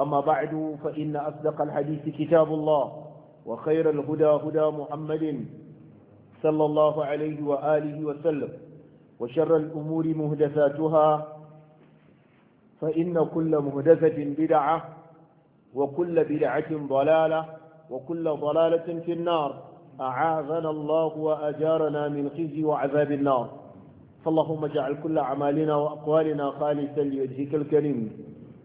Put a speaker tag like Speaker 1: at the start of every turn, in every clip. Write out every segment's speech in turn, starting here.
Speaker 1: أما بعد فإن أصدق الحديث كتاب الله وخير الهدى هدى محمد صلى الله عليه وآله وسلم وشر الأمور مهدثاتها فإن كل مهدثة بدعة وكل بدعة ضلالة وكل ضلالة في النار أعاذنا الله وأجارنا من خزي وعذاب النار فاللهم اجعل كل أعمالنا وأقوالنا خالصا لوجهك الكريم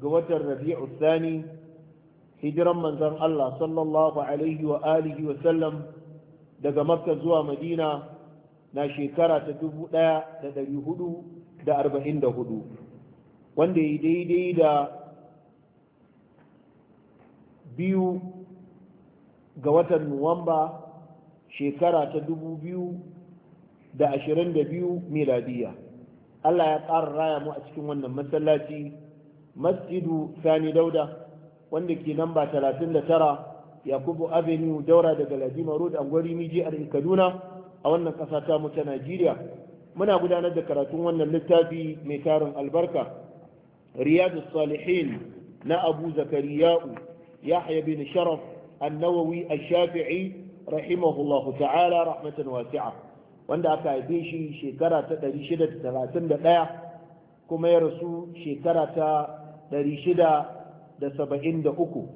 Speaker 1: ga watan rabi'u thani hijiran manzon Allah sallallahu alaihi wa alihi wa sallam daga makka zuwa madina na shekara ta 1444 wanda ya daidai da biyu ga watan nuwamba shekara ta 2022 miladiya Allah ya ƙara raya mu a cikin wannan masallaci masjidu sani dauda wanda ke namba 39 yakubu avenue daura daga ladima road angwari miji a kaduna a wannan ƙasa ta mu ta najeriya muna gudanar da karatun wannan littafi mai tarin albarka riyadu salihin na abu zakariya'u yahya bin sharaf annawawi a shafii rahimahullahu ta'ala rahmatan wasi'a wanda aka haife shi shekara ta 631 kuma ya rasu shekara ta 673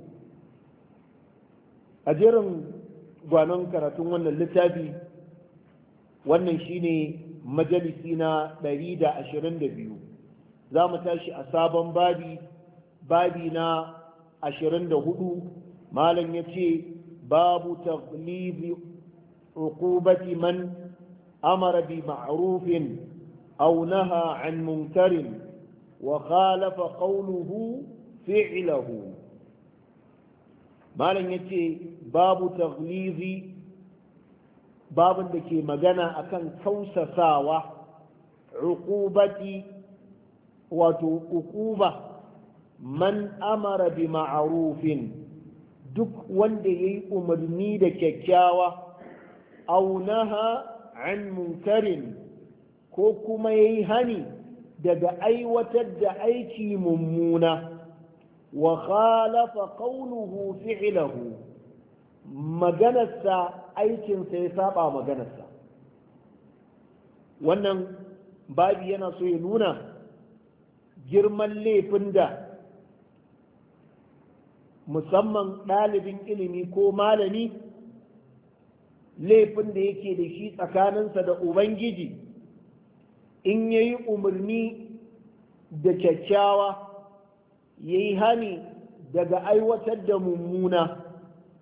Speaker 1: a jerin gwanon karatun wannan littafi wannan shine majalisi na 122 za mu tashi a sabon babi babi na 24 malam ya ce babu taglibi عقوبة من أمر بمعروف أو نهى عن منكر وخالف قوله فعله malam ya ce babu taglizi babin da ke magana akan kausasawa uqubati wato uquba man amara bi ma'arufin duk wanda ya yi umarni da kyakkyawa aunaha an munkarin ko kuma ya yi hani daga aiwatar da aiki mummuna wa khalafa qawluhu fi'luhu maganarsa aikinsa ya saba maganarsa wannan babi yana so ya nuna girman laifin da musamman ɗalibin ilimi ko malami laifin da yake da shi tsakaninsa da ubangiji in ya yi umarni da kyakkyawa ya yi hani daga aiwatar da mummuna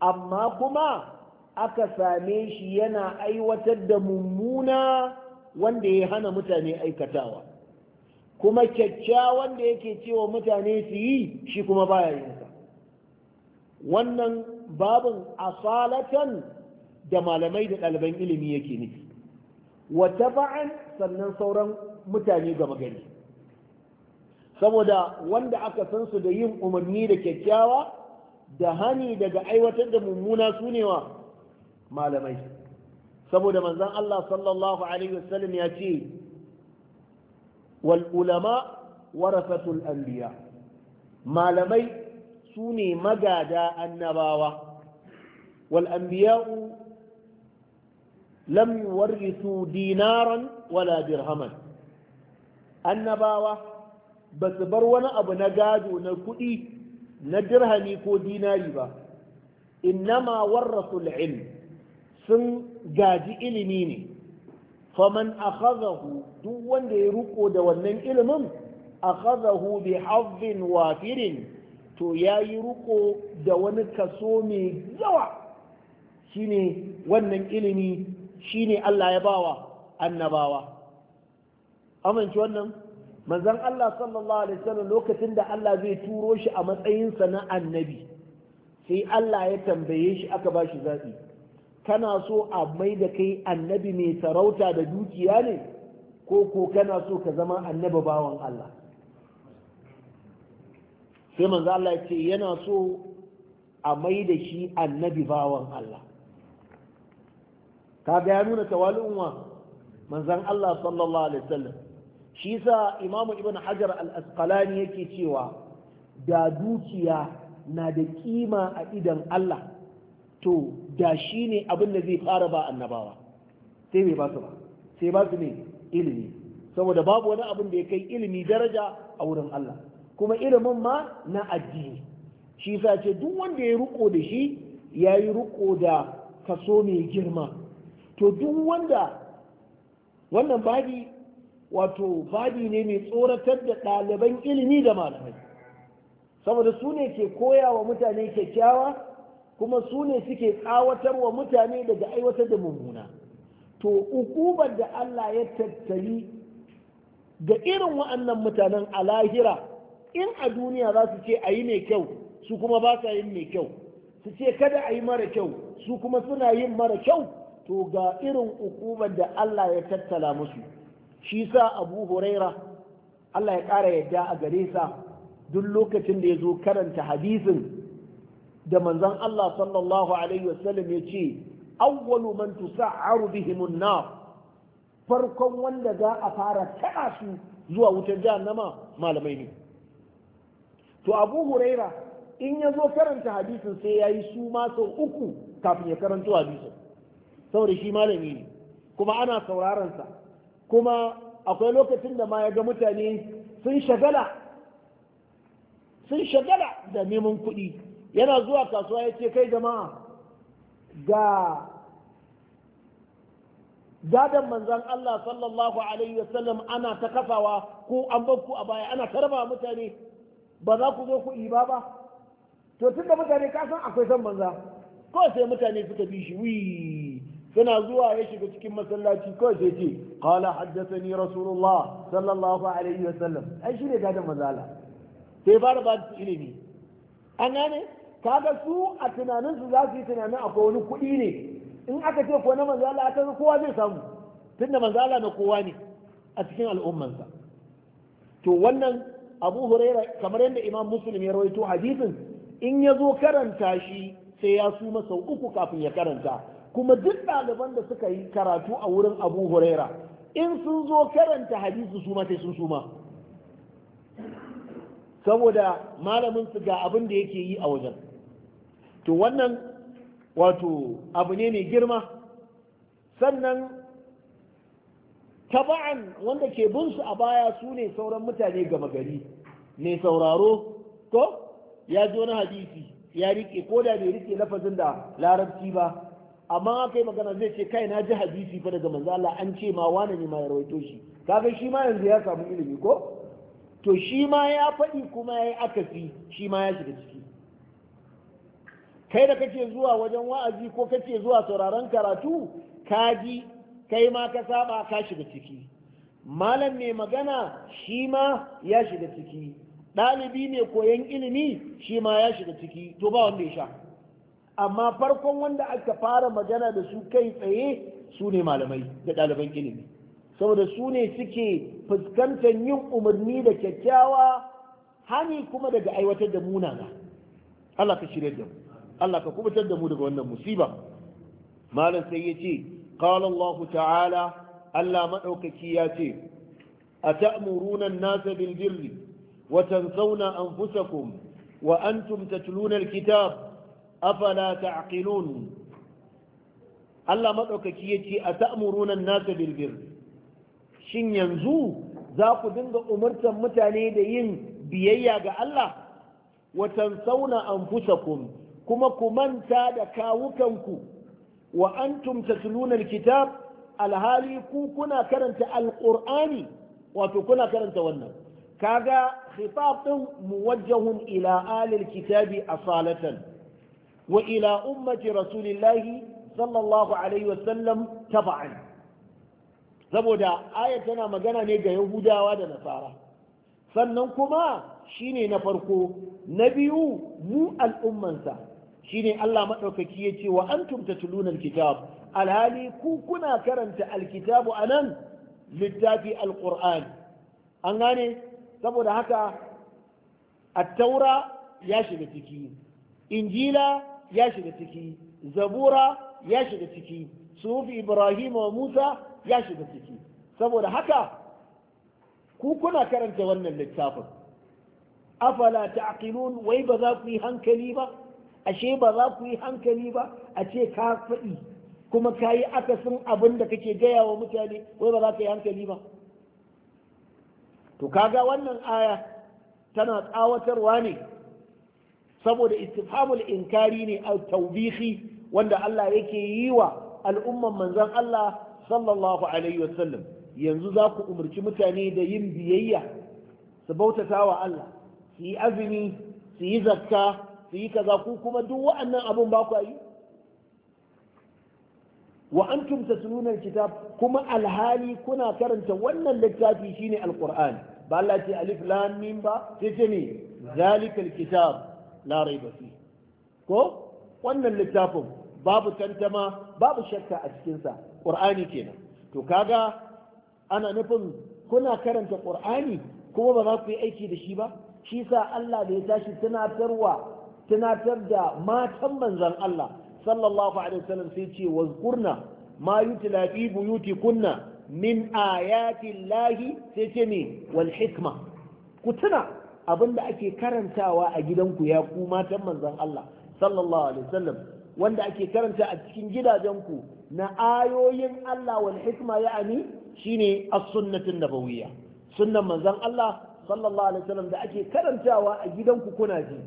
Speaker 1: amma kuma aka same shi yana aiwatar da mummuna wanda ya hana mutane aikatawa kuma kyakkyawan da yake cewa mutane su yi shi kuma baya yinsa wannan babin asalatan da malamai da ɗaliban ilimi yake nufi wa taba'an sannan sauran mutane gaba gari saboda wanda aka san su da yin umarni da kyakkyawa da hani daga aiwatar da mummuna su ne wa malamai saboda manzon Allah sallallahu alaihi wasallam ya ce wal ulama warasatul anbiya malamai su ne magada annabawa wal anbiya'u Lamuwar yuwarrisu dinaran wala dirhaman annabawa ba su bar wani abu na gado na kuɗi na dirhami ko dinari ba innama warrasu ilm sun gaji ilimi ne faman akhadahu duk wanda ya ruko da wannan ilimin akhadahu bi hazzin wafirin to yayi ruko da wani kaso mai yawa shine wannan ilimi Shi ne Allah ya bawa annabawa amince wannan manzon Allah sallallahu alaihi wasallam lokacin da Allah zai turo shi a matsayinsa na annabi sai Allah ya tambaye shi aka ba shi zaɓi kana so a mai da kai annabi mai sarauta da dukiya ne ko ko kana so ka zama annabi bawan Allah sai manzo Allah ya ce yana so a mai da shi annabi bawan Allah kaga ya nuna tawali'un wa manzon Allah sallallahu alaihi wasallam shi yasa imamu ibn hajar al-asqalani yake cewa da dukiya na da kima a idan Allah to da shi ne abin da zai fara ba annabawa sai bai ba su ba sai ba su ne ilimi saboda babu wani abin da ya kai ilimi daraja a wurin Allah kuma ilimin ma na addini shi sa ce duk wanda ya ruko da shi ya yi ruko da kaso mai girma to duk wanda wannan babi wato babi ne mai tsoratar da ɗaliban ilimi da malamai saboda su ne ke koya wa mutane kyakkyawa kuma su ne suke tsawatar wa mutane daga aiwatar da mummuna to ukubar da Allah ya tattali ga irin wa'annan mutanen a lahira in a duniya za su ce a yi mai kyau su kuma ba sa yin mai kyau su ce kada a yi mara kyau su kuma suna yin mara kyau to ga irin ukubar da Allah ya tattala musu shi sa abu huraira Allah ya ƙara yadda a gare sa duk lokacin da ya zo karanta hadisin da manzon Allah sallallahu alaihi wasallam ya ce awwalu man tusa'aru bihimun nar farkon wanda za a fara taɓa su zuwa wutar jahannama malamai ne to abu huraira in ya zo karanta hadisin sai ya yi su ma sau uku kafin ya karanta hadisin saboda shi malami ne kuma ana saurarensa kuma akwai lokacin da ma ya mutane sun shagala sun shagala da neman kuɗi yana zuwa kasuwa ya ce kai jama'a ga gadon manzan Allah sallallahu alaihi wasallam ana ta kafawa ko an ku a baya ana tarba mutane ba za ku zo ku iba ba to tunda mutane kasan akwai san manza kawai sai mutane suka bi shi Suna zuwa ya shiga cikin masallaci kawai sai ce qala haddathani rasulullah sallallahu alaihi wa sallam ai ne gadan mazala sai fara ba ilimi an gane kaga su a tunanin su za su yi tunanin akwai wani kuɗi ne in aka ce ko na manzala aka ga kowa zai samu tunda manzala na kowa ne a cikin al'ummansa to wannan abu huraira kamar yadda imam muslim ya rawaito hadisin in ya zo karanta shi sai ya su masa uku kafin ya karanta kuma duk ɗaliban da suka yi karatu a wurin abu huraira in sun zo karanta hadisi su sai sun suma saboda malamin su ga abin da yake yi a wajen to wannan wato abu ne mai girma sannan taba'an wanda ke bin su a baya su ne sauran mutane gama gari mai sauraro ko ya ji wani hadisi ya rike ko da bai rike lafazin da larabci ba amma aka yi magana zai ce kai na ji hadisi fa daga manzo Allah an ce ma wani ne ma ya rawaito shi kaga shi ma yanzu ya samu ilimi ko to shi ma ya faɗi kuma ya yi akasi shi ma ya shiga ciki kai da kake zuwa wajen wa'azi ko kake zuwa sauraron karatu ka ji kai ma ka saba ka shiga ciki malam mai magana shi ma ya shiga ciki ɗalibi mai koyon ilimi shi ma ya shiga ciki to ba wanda ya sha amma farkon wanda aka fara magana da su kai tsaye su ne malamai da ɗaliban ilimi saboda su ne suke fuskantar yin umarni da kyakkyawa hani kuma daga aiwatar da munana Allah ka shirya da mu Allah ka kubutar da mu daga wannan musiba malam sai ya ce qala Allah ta'ala Allah madaukaki ya ce ata'muruna an-nasa bil birri wa tansawna anfusakum wa antum tatluna al-kitab afala ta'qilun Allah madaukaki yace a an-nasa bil shin yanzu za ku dinga umurtan mutane da yin biyayya ga Allah wa tansawna anfusakum kuma ku manta da kawukanku wa antum tatluna al-kitab alhali ku kuna karanta al wato kuna karanta wannan kaga khitab din muwajjahun ila alil kitabi asalatan wa ila ummati rasulillahi sallallahu alaihi wasallam taba'an saboda aya tana magana ne ga yahudawa da nasara sannan kuma shine na farko na biyu mu al'ummansa shine Allah maɗaukaki ya ce wa tumta tatluna alkitab alhali ku kuna karanta alkitabu a nan littafi alquran an gane saboda haka attaura ya shiga ciki injila ya shiga ciki zabura ya shiga ciki sufi ibrahim wa musa ya shiga ciki saboda haka ku kuna karanta wannan littafin afala ta'qilun wai ba za ku yi hankali ba ashe ba za ku yi hankali ba a ce ka faɗi kuma ka yi akasin abin da kake gaya wa mutane wai ba za ka yi hankali ba to kaga wannan aya tana tsawatarwa ne saboda istifhamul inkari ne a taubihi wanda Allah yake yi wa al'umman manzon Allah sallallahu alaihi wasallam yanzu za ku umarci mutane da yin biyayya su bautata wa Allah su yi azumi su yi zakka su yi kaza ku kuma duk wa'annan abun ba ku yi wa antum nunar kitab kuma alhali kuna karanta wannan littafi shine alqur'ani ba Allah ce alif lam mim ba sai ce ne zalikal kitab la raiba fi ko wannan littafin babu tantama babu shakka a cikinsa ƙur'ani kenan to kaga ana nufin kuna karanta ƙur'ani kuma ba za ku yi aiki da shi ba shi sa Allah da ya tashi tunatarwa tunatar da matan manzon Allah sallallahu alaihi wasallam sai ce wazkurna ma yutla fi buyutikunna min ayati llahi sai ce ne wal hikma ku tuna abin da ake karantawa a gidanku ya ku matan manzan Allah sallallahu alaihi wasallam wanda ake karanta a cikin gidajenku na ayoyin Allah wal hikma ya'ani shine as-sunnatun nabawiyya sunnan manzan Allah sallallahu alaihi wasallam da ake karantawa a gidanku kuna ji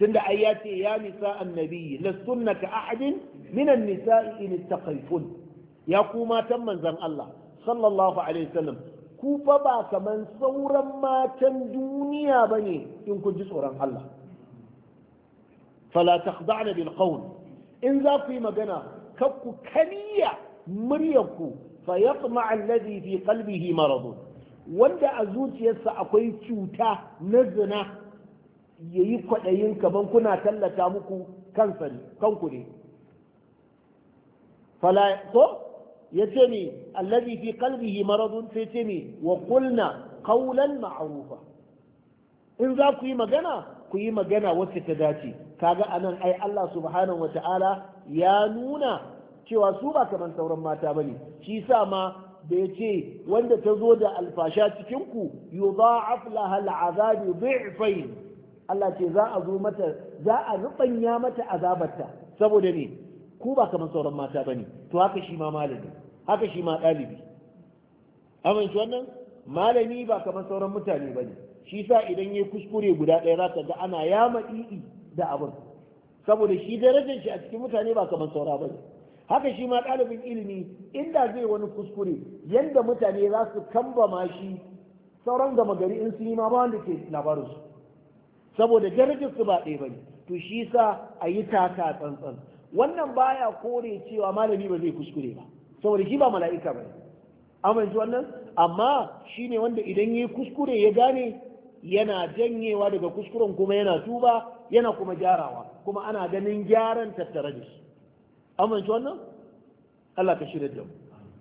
Speaker 1: tunda ai ya ce ya nisa annabi lastunna sunnaka ahadin min an-nisa'i in taqayfun ya ku matan manzan Allah sallallahu alaihi wasallam ku fa ba kaman sauran matan duniya ba ne in ku ji tsoron Allah fala da bil qawl in za ku yi magana kar ku kaniya muryarku fa yatma alladhi fi qalbihi marad wanda a zuciyarsa akwai cuta na zina yayi kwaɗayin kaman kuna tallata muku kansa kanku ne fala ko ya ce ne allazi fi qalbihi maradun sai ce ne wa qulna ma'arufa. in za ku yi magana ku yi magana wacce ta dace kaga anan ai Allah subhanahu wata'ala ya nuna cewa su ba kaman sauran mata bane shi sa ma da ya ce wanda ta zo da alfasha cikin ku yudha'af laha al'azabu dhi'fayn Allah ce za a zo mata za a rubanya mata azabarta saboda ne ku ba kamar sauran mata ba ne? to haka shi ma malami haka shi ma ɗalibi amince wannan malami ba kamar sauran mutane ba ne. shi sa idan ya kuskure guda ɗaya za ka ga ana yama i'i da abin saboda shi darajar shi a cikin mutane ba kamar saura ne. haka shi ma ɗalibin ilimi inda zai wani kuskure yadda mutane za su kambama shi sauran gama gari in sun yi ma ba wanda ke labarinsu saboda darajar su ba ɗaya bane to shi sa a yi taka tsantsan wannan baya kore cewa malami ba zai kuskure ba saboda shi ba mala'ika ba amince wannan amma shine wanda idan ya kuskure ya gane yana janyewa daga kuskuren kuma yana tuba yana kuma gyarawa kuma ana ganin gyaran tattare da shi amince wannan Allah ka shirya da mu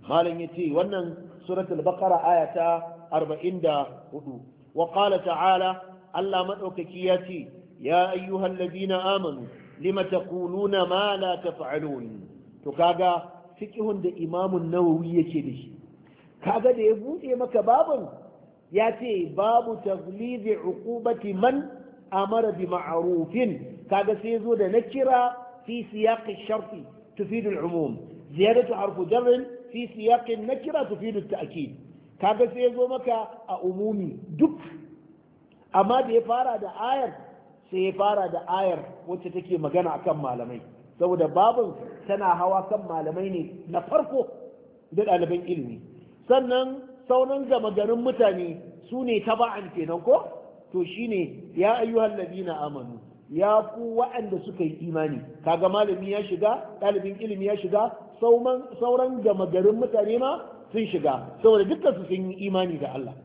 Speaker 1: malam yace wannan suratul baqara aya ta 44 wa qala ta'ala Allah madaukaki yace ya ladina amanu lima taquluna ma la taf'alun to kaga fiqhun da imamun nawawi yake da shi kaga da ya bude maka babun ya ce babu taglizi uqubati man amara bi ma'rufin kaga sai zo da nakira fi siyaq ash-shart tufid al-umum ziyadatu harfu jar fi siyaq an-nakira tufid at-ta'kid kaga sai zo maka a umumi duk amma da ya fara da ayar sai ya fara da ayar wacce take magana akan malamai saboda babin tana hawa kan malamai ne na farko da ɗaliban ilimi sannan saunan gama garin mutane su ne taba'an kenan ko to shine ya ayyuhal na amanu ya ku wa'anda suka yi imani kaga malami ya shiga ɗalibin ilimi ya shiga sauran gama garin mutane ma sun shiga saboda dukkan su sun yi imani da Allah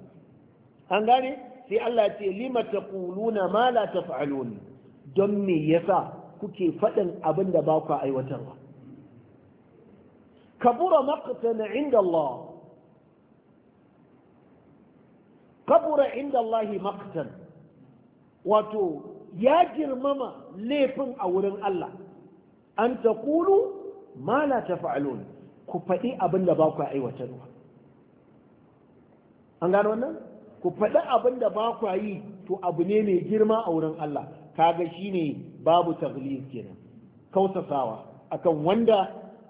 Speaker 1: an gane sai Allah ya ce lima taquluna ma la taf'alun don me yasa kuke faɗin abin da ba ku aiwatarwa kabura maqtan inda Allah kabura inda Allah maqtan wato ya girmama laifin a wurin Allah an ta taqulu ma la taf'alun ku faɗi abin da ba ku aiwatarwa an gano wannan ku faɗi abin da ba ku yi to abu ne mai girma a wurin Allah kaga shine babu taghliz kenan kausasawa akan wanda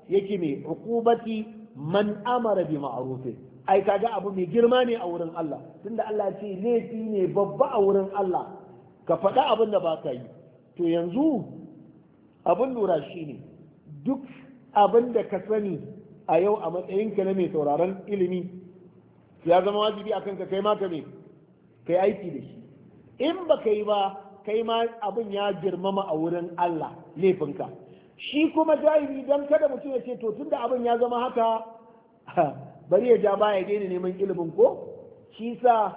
Speaker 1: yake mai hukubati man amara bi ma'rufin ai kaga abu mai girma ne a wurin Allah tunda Allah ce laifi ne babba a wurin Allah ka faɗi abin da ba ka yi to yanzu abin lura shine duk abin da ka sani a yau a matsayinka na mai sauraron ilimi ya zama wajibi akan ka kai ma ka kai aiki da shi in ba ka yi ba kai ma abin ya girmama a wurin Allah laifinka shi kuma jahili don kada mutum ya ce to tunda abin ya zama haka bari ya ja baya daina neman ilimin ko shi sa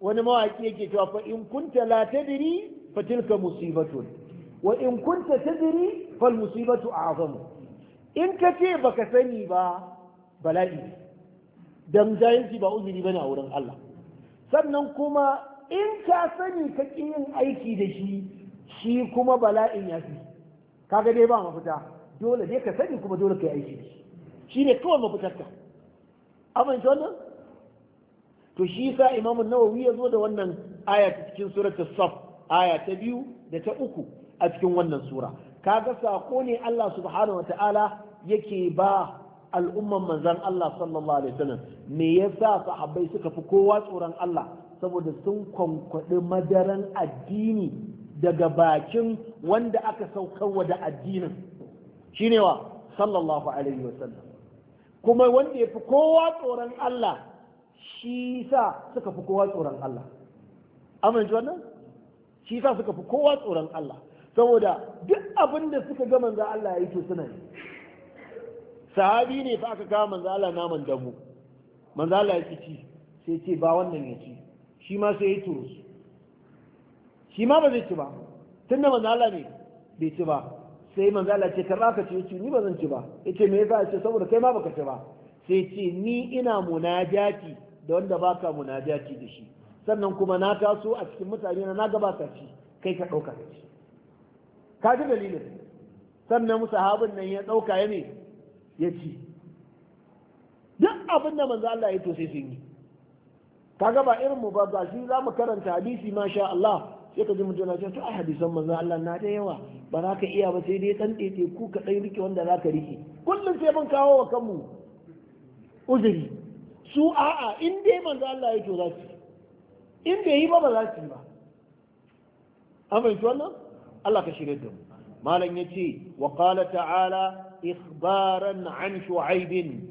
Speaker 1: wani mawaki yake cewa fa in kunta la tadri fa tilka musibatun wa in kunta tadri fal musibatu a'zamu in ka ce baka sani ba bala'i dan jahilci ba uzuri bane a wurin Allah sannan kuma in ka sani ka ƙi yin aiki da shi shi kuma bala'in ya fi kaga dai ba mafita dole dai ka sani kuma dole ka yi aiki da shi shi ne kawai mafitarka amince wannan to shi sa imamun nawawi ya zo da wannan aya ta cikin suratul saf aya ta biyu da ta uku a cikin wannan sura kaga sako ne Allah subhanahu wataala yake ba al'umman manzan Allah sallallahu alaihi wasallam me yasa sahabbai suka fi kowa tsoron Allah saboda sun kwankwaɗi madaran addini daga bakin wanda aka saukarwa da addinin shine wa sallallahu alaihi wasallam kuma wanda ya fi kowa tsoron Allah shi sa suka fi kowa tsoron Allah amince wannan shi sa suka fi kowa tsoron Allah saboda duk abin da suka ga manzan Allah ya yi to suna yi sahabi ne fa aka kawo manzo Allah naman dabo. manzo Allah ya ci sai ce ba wannan ya ci shi ma sai ya turu shi ma ba zai ci ba tunda manzo Allah ne bai ci ba sai manzo Allah ce karba ka ci ci ni ba zan ci ba yace me yasa ce saboda kai ma ba ka ci ba sai ce ni ina munajati da wanda baka munajati da shi sannan kuma na taso a cikin mutane na gabata ci kai ka dauka ka ci ka ji dalilin sannan sahabin nan ya dauka ya ne ya ci duk abin da manzo Allah ya to sai sun yi kaga ba irin mu ba ba shi za mu karanta hadisi masha Allah sai ka ji mu na to a hadisan manzo Allah na da yawa ba za ka iya ba sai dai dan ɗaiɗe ku ka dai rike wanda za ka rike kullum sai mun kawo wa kanmu uzuri su a'a in dai manzo Allah ya to za su in bai yi ba ba za su yi ba an fahimci wannan Allah ka shirya da mu malam ya ce wa qala ta'ala ikhbaran an shu'aibin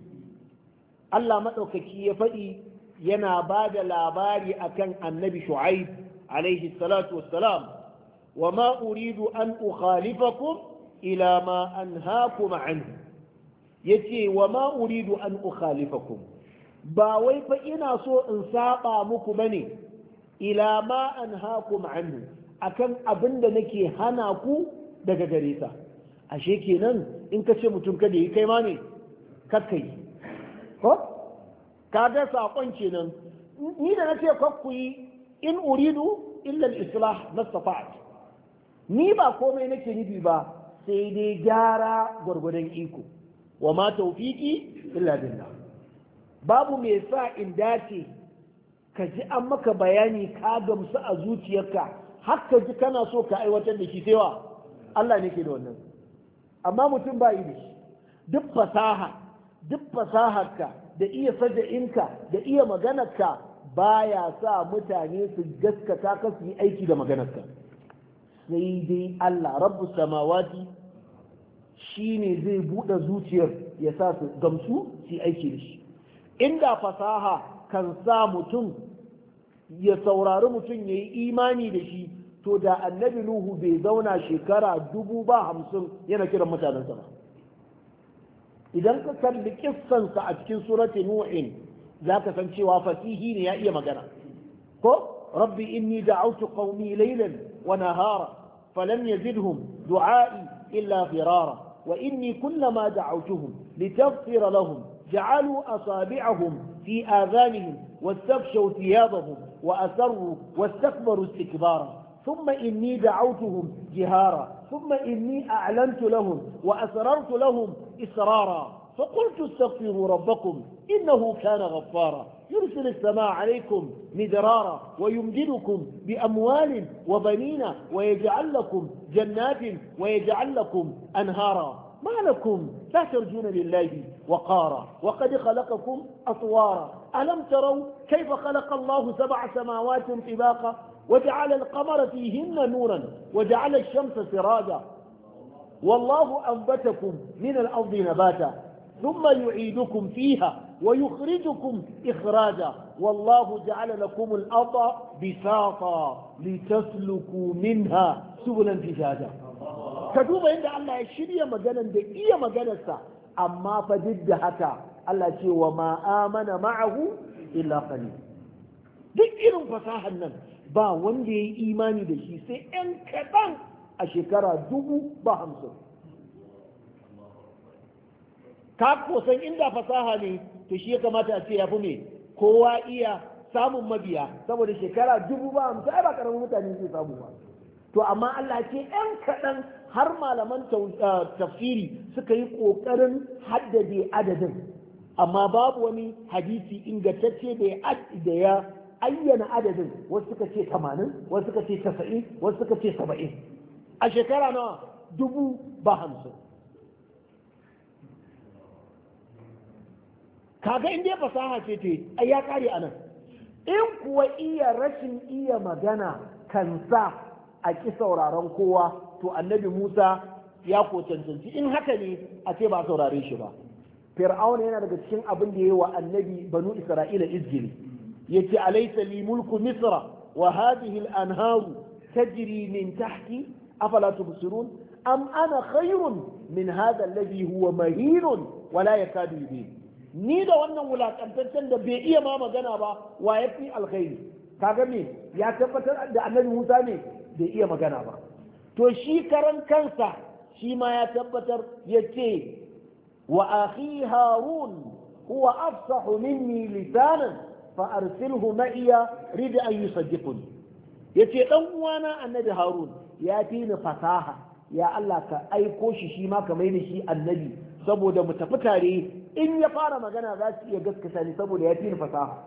Speaker 1: Allah maɗaukaki ya faɗi yana ba da labari akan annabi shu'aib alaihi salatu wassalam wa ma uridu an ukhalifakum ila ma anhaakum anhu yace wa ma uridu an ukhalifakum ba wai fa ina so in saba muku bane ila ma anhaakum anhu akan abin da nake hana ku daga gare sa ashe kenan in ka ce mutum da yi kai ma ne kakka yi ko ka ga sakon kenan ni da na ce kakku yi in uridu illa al-islah mastafa'at ni ba komai nake nufi ba sai dai gyara gwargwadon iko wa ma tawfiqi illa billah babu mai sa in dace ka ji an maka bayani ka gamsu a zuciyarka har ka ji kana so ka aiwatar da shi sai wa Allah ne ke da wannan amma mutum ba da shi duk fasaha duk fasaharka da iya sada'inka da iya maganarka baya sa mutane su gaskata ka su yi aiki da maganarka sai dai Allah rabbu samawati shine zai buɗe zuciyar ya sa su gamsu su aiki da shi inda fasaha kan sa mutum ya saurari mutum ya yi imani da shi to da annabi nuhu bai zauna shekara dubu ba hamsin yana kiran mutanen ba idan ka kalli kissansa a cikin surati nuhin za ka san cewa fasihi ne ya iya magana ko rabbi inni da'autu qaumi laylan wa nahara falam yazidhum du'a'i illa firara wa inni kullama da'awtuhum litaghfira lahum ja'alu asabi'ahum fi adhanihim واستغشوا wa asarru واستكبروا استكبارا ثم إني دعوتهم جهارا ثم إني أعلنت لهم وأسررت لهم إسرارا فقلت استغفروا ربكم إنه كان غفارا يرسل السماء عليكم مدرارا ويمددكم بأموال وبنين ويجعل لكم جنات ويجعل لكم أنهارا ما لكم لا ترجون لله وقارا وقد خلقكم أطوارا ألم تروا كيف خلق الله سبع سماوات طباقا وجعل القمر فيهن نورا وجعل الشمس سراجا والله أنبتكم من الأرض نباتا ثم يعيدكم فيها ويخرجكم إخراجا والله جعل لكم الأرض بساطا لتسلكوا منها سبلا فجاجا كدوبا عند الله يشري مجانا دقية مجانا أما فجد حتى الله شيء وما آمن معه إلا قليل دقية فساها النمس ba wanda ya yi imani da shi sai 'yan kaɗan a shekara dubu ba hamsin ka kosan inda fasaha ne to shi ya kamata a ce ya fi mai kowa iya samun mabiya saboda shekara dubu ba hamsin ai ba karamin mutane zai samu ba to amma Allah ce 'yan kaɗan har malaman eh, tafsiri suka yi ƙoƙarin haddade adadin amma babu wani hadisi ingantacce da ya ayyana adadin wasu suka ce 80 wasu suka ce 90 wasu suka ce 70 a shekara nawa dubu ba hamsin kaga in dai fasaha ce ce ya kare a nan in kuwa iya rashin iya magana kan sa a ki sauraron kowa to annabi musa ya ko cancanci in haka ne a ce ba saurare shi ba fir'auna yana daga cikin abin da ya yi wa annabi banu isra'ila izgili yace alaysa li mulku misra wa hadhihi al-anhar tajri min tahti afala tubsirun am ana khayrun min hadha alladhi huwa mahin wa la yakadu yubin ni da wannan wulakantaccen da bai iya ma magana ba wa yafi alkhairi kaga me ya tabbatar da annabi Musa ne bai iya magana ba to shi karan kansa shi ma ya tabbatar yace wa akhi harun huwa afsahu minni lisanan fa arsilhu ma'iya rida an yusaddiquni yace dan uwana annabi harun ya fi ni fasaha ya Allah ka aiko shi shi ma ka mai da shi annabi saboda mu tafi tare in ya fara magana za su iya gaskata ni saboda ya fi ni fasaha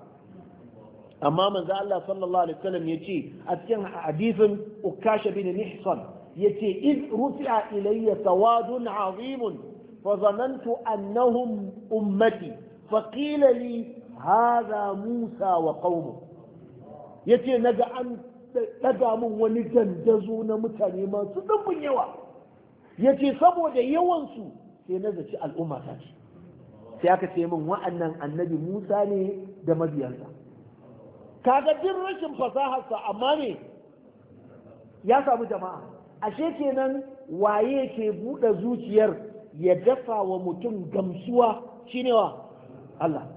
Speaker 1: amma manzo Allah sallallahu alaihi wasallam yace a cikin hadisin ukasha bin mihsan yace iz rufi'a ilayya sawadun azimun fa zanantu annahum ummati فقيل لي haza musa wa qaumu yace naga an daga min wani dandazo na mutane masu dubbin yawa yace saboda yawan su sai na zaci al'umma ta ce sai aka ce min wa'annan annabi musa ne da mabiyansa kaga jin rashin fasaharsa amma ne ya samu jama'a ashe kenan waye ke buɗe zuciyar ya dafa wa mutum gamsuwa shine wa Allah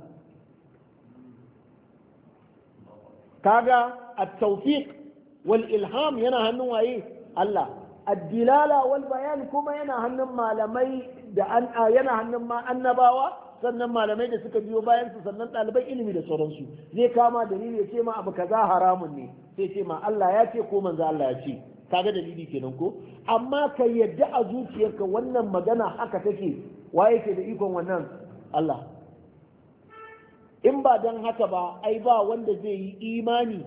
Speaker 1: kaga at-tawfiq wal ilham yana hannun waye Allah ad-dilala wal bayan kuma yana hannun malamai da an yana hannun ma annabawa sannan malamai da suka biyo bayan su sannan ɗalibai ilimi da sauransu zai kama dalili ya ce ma abu kaza haramun ne sai ce ma Allah ya ce ko manzo Allah ya ce kaga dalili kenan ko amma ka yadda a zuciyarka wannan magana haka take wa yake da ikon wannan Allah in ba don haka ba ai ba wanda zai yi imani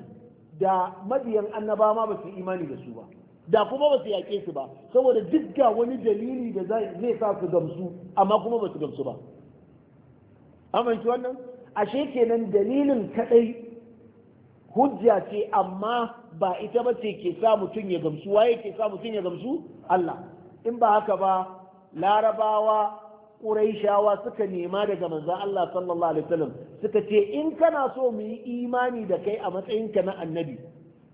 Speaker 1: da mabiyan annaba ma ba su imani da su ba da kuma ba su yaƙe su ba saboda duk ga wani dalili da zai sa su gamsu amma kuma ba su gamsu ba amince wannan ashe kenan dalilin kadai hujja ce amma ba ita ba ce ke sa mutum ya gamsu waye ke sa mutum ya gamsu Allah in ba haka ba larabawa ƙuraishawa suka nema daga manzan Allah sallallahu alaihi wasallam suka ce in kana so mu yi imani da kai a matsayinka na annabi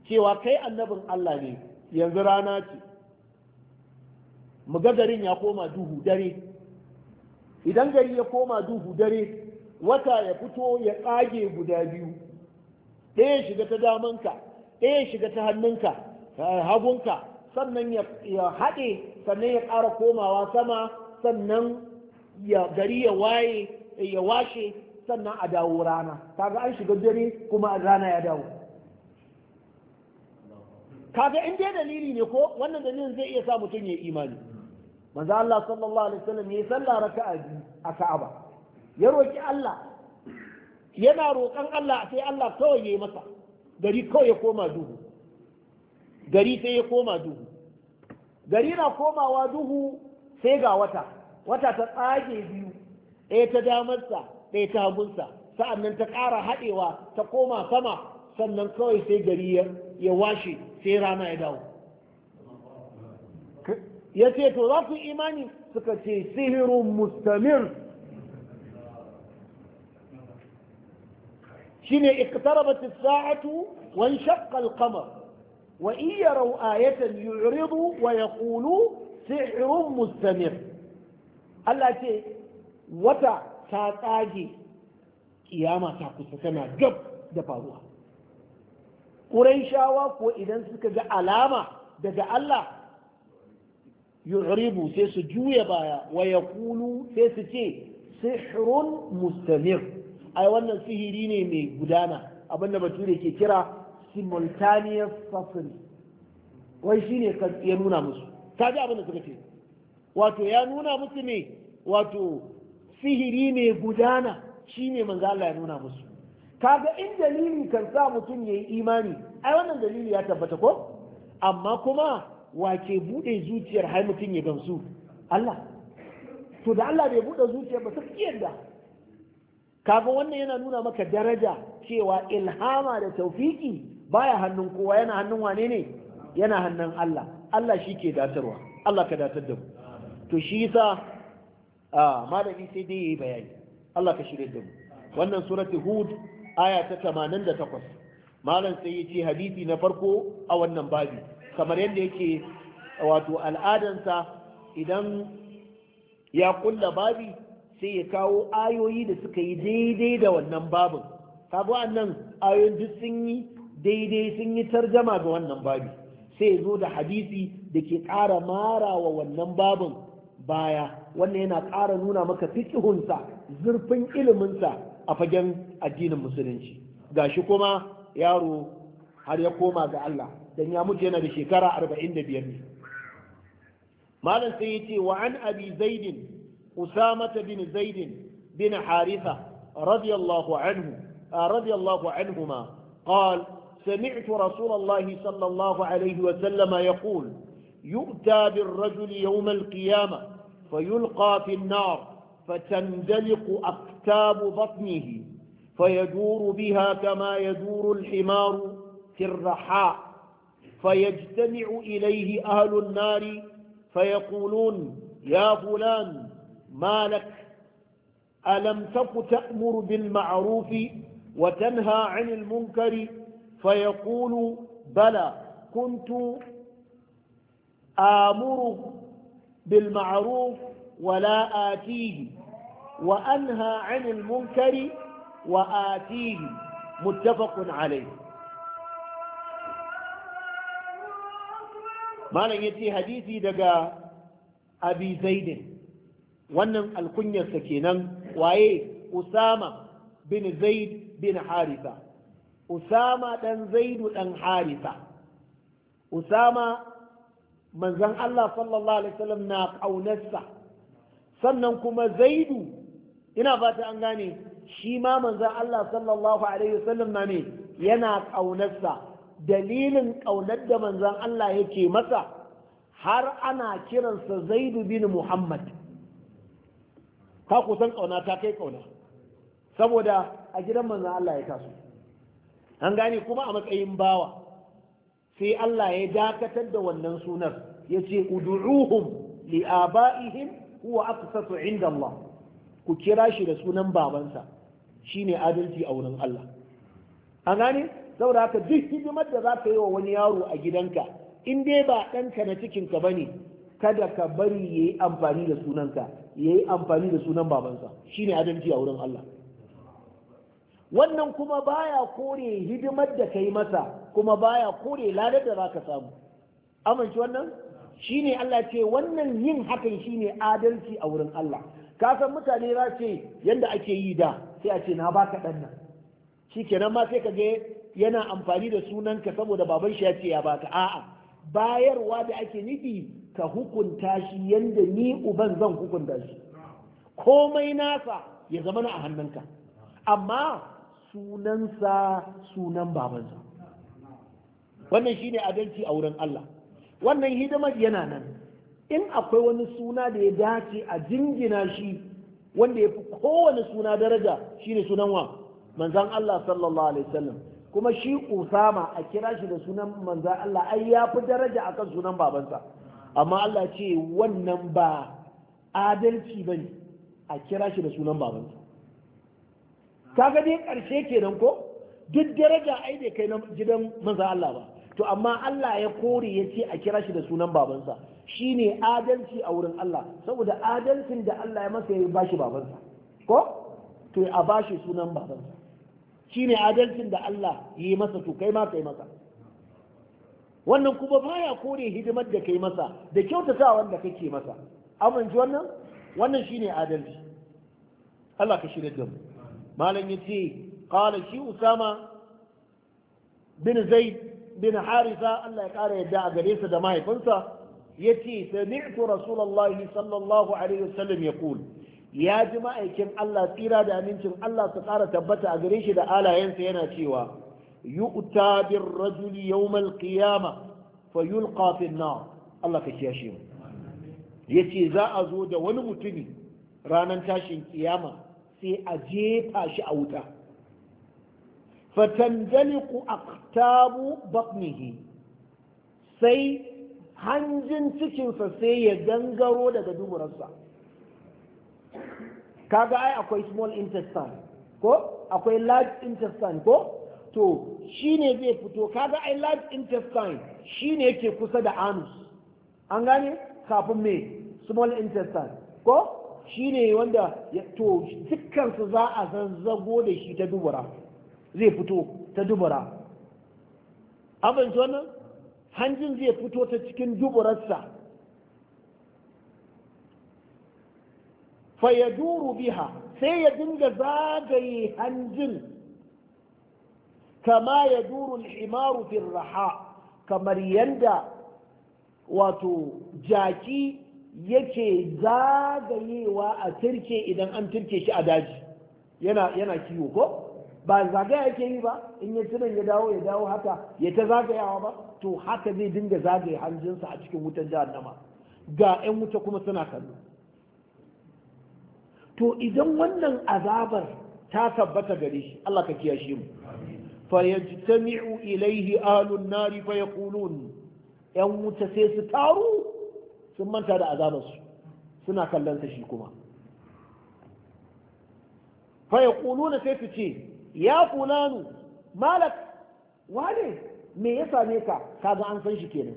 Speaker 1: cewa kai annabin Allah ne yanzu rana ce mu ga garin ya koma duhu dare idan gari ya koma duhu dare wata ya fito ya tsage guda biyu ɗaya shiga ta damanka ɗaya shiga ta hannunka hagunka sannan ya haɗe sannan ya ƙara komawa sama sannan ya gari ya waye ya washe sannan a dawo rana kaga an shiga dare kuma rana ya dawo kaga in dai dalili ne ko wannan dalilin zai iya sa mutum ya imani manzo Allah sallallahu alaihi wasallam ya salla raka'a a Ka'aba ya roki Allah yana roƙan Allah sai Allah kawai ya yi masa gari kawai ya koma duhu gari sai ya koma duhu gari na komawa duhu sai ga wata wata ta tsage biyu ɗaya ta damarsa ɗaya ta hagunsa sa'annan ta ƙara haɗewa ta koma sama sannan kawai sai gari ya washe sai rana ya dawo ya ce to za su imani suka ce sihirun mustamir shine iqtarabat as-sa'atu wa inshaqqa al-qamar wa in yaraw ayatan wa yaqulu sihrun mustamir Allah ce wata ta tsage kiyama ta kusa tana gab da faruwa shawa ko idan suka ga alama daga Allah yuribu sai su juya baya wa kulu sai su ce sihirun mustamir ai wannan sihiri ne mai gudana abinda bature ke kira simultaneous suffering wai shine ya nuna musu kaji abinda suka ce wato ya nuna musu ne wato sihiri ne gudana shi manzo Allah ya nuna musu kaga in dalili kan sa mutum ya yi imani ai wannan dalili ya tabbata ko amma kuma wace bude zuciyar har mutum ya gamsu Allah to da Allah bai bude zuciyar ba sai yadda kaga wannan yana nuna maka daraja cewa ilhama da taufiki baya hannun kowa yana hannun wane ne yana hannun Allah Allah shi ke datarwa Allah ka datar da mu to shi yasa a malami sai dai yayi bayani Allah ka shirya da mu wannan surati hud aya ta 88 malam sai yace hadisi na farko a wannan babi kamar yadda yake wato al'adansa idan ya kulla babi sai ya kawo ayoyi da suka yi daidai da wannan babin kabo annan ayoyin duk sun yi daidai sun yi tarjama ga wannan babi sai ya zo da hadisi da ke ƙara mara wa wannan babin baya wannan yana ƙara nuna maka fiƙihunsa zurfin iliminsa a fagen addinin musulunci gashi kuma yaro har ya koma ga Allah dan ya mutu yana da shekara 45 ne malam sai ya ce wa an abi zaidin usamata bin zaidin bin haritha radiyallahu anhu radiyallahu anhuma قال سمعت رسول sallallahu alaihi wa sallama وسلم يؤتى بالرجل يوم القيامة فيلقى في النار فتندلق أكتاب بطنه فيدور بها كما يدور الحمار في الرحاء فيجتمع إليه أهل النار فيقولون يا فلان ما لك ألم تك تأمر بالمعروف وتنهى عن المنكر فيقول بلى كنت آمره بالمعروف ولا آتيه wa عن المنكر وآتيه متفق عليه ما لن يتي حديثي دقا أبي زيد wannan alkunyarsa kenan waye usama bin zaid bin harifa usama dan zaidu dan harifa usama manzan Allah sallallahu alaihi wasallam na ƙaunarsa sannan kuma zaidu ina fata an gane shi ma manzan Allah sallallahu alaihi wasallam na ne yana ƙaunarsa dalilin ƙaunar da manzan Allah yake masa har ana kiransa zaidu bin Muhammad ka kusan ƙauna ta kai ƙauna saboda a gidan manzan Allah ya taso an gane kuma a matsayin bawa sai Allah ya dakatar da wannan sunan ya ce liaba'ihim li abaihim huwa aqsatu inda Allah ku kira shi da sunan babansa shine adalci a wurin Allah an gane saboda haka duk hidimar da zaka ka yi wa wani yaro a gidanka in dai ba ɗanka na cikin ka bane kada ka bari yayi amfani da sunanka ya yi amfani da sunan babansa shine adalci a wurin Allah wannan kuma baya kore hidimar da kai masa kuma baya kore ladar da ka samu amince wannan Shi ne Allah ce wannan yin hakan shi ne adalci a wurin Allah ka san mutane za ce yadda ake yi da sai a ce na baka dan nan ma sai ka ga yana amfani da sunanka saboda baban shi ya ce ya baka a'a bayarwa da ake nufi ka hukunta shi yadda ni uban zan hukunta shi komai nasa ya zama na a hannunka amma sunansa sunan babansa wannan shine adalci a wurin Allah wannan hidimar yana nan in akwai wani suna da ya dace a jingina shi wanda ya fi kowane suna daraja shine sunan wa manzan Allah sallallahu alaihi wasallam kuma shi Usama a kira shi da sunan manzan Allah ai ya fi daraja akan sunan babansa amma Allah ce wannan ba adalci bane a kira shi da sunan babansa kaga dai ƙarshe kenan ko duk daraja ai bai kai na gidan manzan Allah ba to amma Allah ya kore ya ce a kira shi da sunan babansa shine adalci a wurin Allah saboda adalcin da Allah ya masa ya bashi babansa ko to a bashi sunan babansa shine adalcin da Allah ya yi masa to kai ma kai masa wannan kuma baya kore hidimar da kai masa da kyautata wanda kake masa amince wannan wannan shine adalci Allah ka shirya da mu malam ya ce ƙala shi usama bin zai bin harisa allah ya ƙara yadda a gare sa da mahaifinsa ya ce sami'tu rasulallah sallallahu alaihi wasallam ya kul ya ji ma'aikin allah tsira da amincin allah su ƙara tabbata a gare shi da alayensa yana cewa yu'ta bir rajuli yawmal qiyama fa yulqa fi nar allah ka kiyashe mu yace za a zo da wani mutumi ranar tashin kiyama sai a jefa shi a wuta fatanjaliku aktabu batnihi sai hanjin cikinsa sai ya gangaro daga duburarsa kaga ai akwai small intestine ko akwai large intestine ko to shine zai fito kaga ai large intestine shine yake kusa da anus an gane kafin me small intestine ko shine wanda to dukkansu za a zazzago da shi ta dubura zai fito ta dubura abinci wannan hanjin zai fito ta cikin duburarsa duru biha sai ya dinga zagaye hanjin kama ya duru himaru raha kamar yadda wato jaki yake zagayewa a turke idan an turke shi a daji yana kiwo ko ba zagaya yake yi ba in ya tunan ya dawo ya dawo haka ya ta zagayawa ba to haka zai dinga zagaye hanjinsa a cikin wutar jahannama ga 'yan wuta kuma suna kallo to idan wannan azabar ta tabbata gare shi Allah ka kiyashe mu fa yajtami'u ilaihi ahlun nari fa 'yan wuta sai su taru sun manta da azabansu suna kallon sa shi kuma fa na sai su ce ya fulanu malak wane me ya same ka kaga an san shi kenan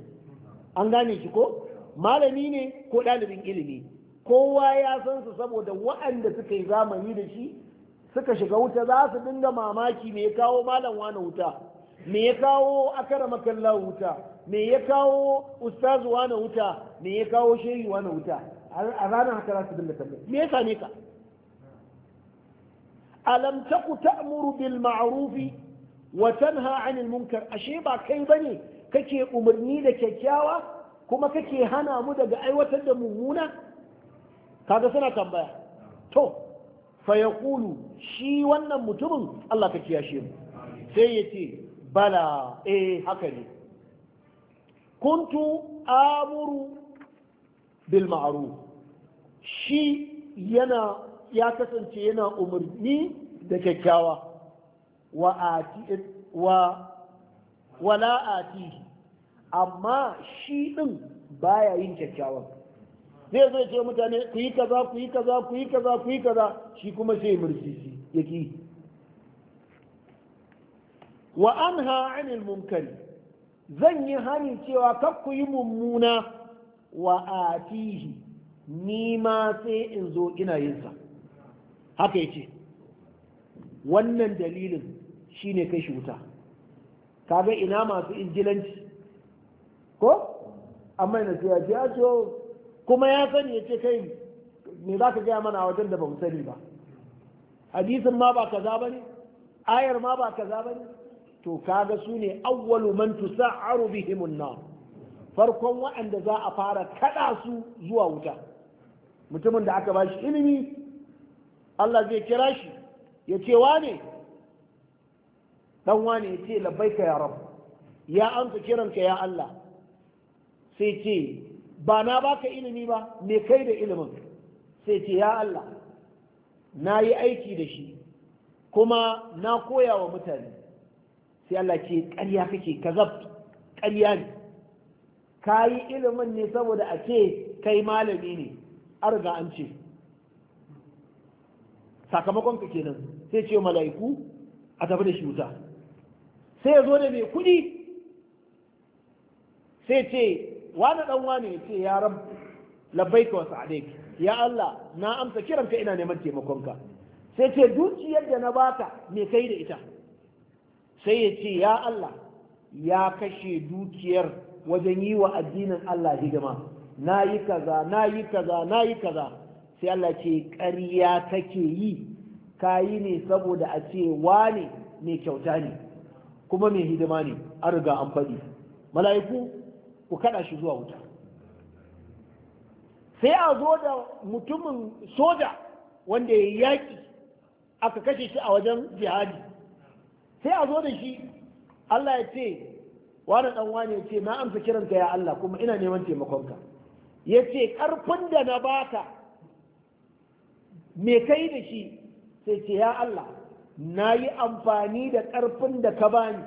Speaker 1: an gane shi ko malami ne ko ɗalibin ilimi kowa ya san su saboda waɗanda suka yi zamani da shi suka shiga wuta za su dinga mamaki me ya kawo malam wani wuta me ya kawo akara makalla wuta me ya kawo ustazu wani wuta me ya kawo shehi wani wuta a ranar haka za su dinga tambaye me ya same ka alam taku ta'muru bil ma'rufi wa tanha 'anil munkar ashe ba kai bane kake umarni da kyakkyawa kuma kake hana mu daga aiwatar da mummuna kaga suna tambaya to fa yaqulu shi wannan mutumin Allah ka kiyashe mu sai yace bala eh haka ne kuntu amuru bil ma'ruf shi yana ya kasance yana umarni da kyakkyawa wa ati wa wala ati amma shi din baya yin kyakkyawan zai zo ce mutane ku yi kaza ku yi kaza ku yi kaza ku yi kaza shi kuma sai murjisi yake wa anha anil munkari zan yi hani cewa kar yi mummuna wa atihi ni ma sai in zo ina yinsa. sa haka yace wannan dalilin shine kai shi wuta kaga ina masu injilanci ko amma ina cewa ya ce kuma ya sani ya kai me za ka gaya mana a wajen da ba mu sani ba hadisin ma ba kaza ba ayar ma ba kaza ba to kaga su ne awwalu man tusa'aru bihim an-nar farkon waɗanda za a fara kada su zuwa wuta mutumin da aka bashi ilimi Allah zai kira shi ya ce wane dan wane ya ce labbaika ya rabb ya amsa kiranka ya Allah sai ce ba na baka ilimi ba me kai da ilimin sai ce ya Allah na yi aiki da shi kuma na koya wa mutane sai Allah ce ƙarya kake kazab ƙarya ne ka yi ilimin ne saboda a ce kai malami ne an riga an ce sakamakon ka kenan sai ce mala'iku a tafi da shi wuta sai ya zo da mai kudi. sai ce wani ɗan wani ya ce ya Labai ka wasu sa'adaik ya Allah na amsa kiranka ina neman taimakonka sai ce dukiyar da na baka me kai da ita sai ya ce ya Allah ya kashe dukiyar wajen yi wa addinin Allah hidima na yi kaza na yi kaza na yi kaza sai Allah ce ƙarya take yi ka yi ne saboda a ce ne mai kyauta ne kuma mai hidima ne an riga an faɗi mala'iku ku kaɗa shi zuwa wuta sai a zo da mutumin soja wanda ya yi yaƙi aka kashe shi a wajen jihadi sai a zo da shi Allah ya ce wani dan wani ya ce na amsa kiranka ya Allah kuma ina neman taimakonka ya ce karfin da na baka me kai da shi sai ce ya Allah na yi amfani da karfin da ka bani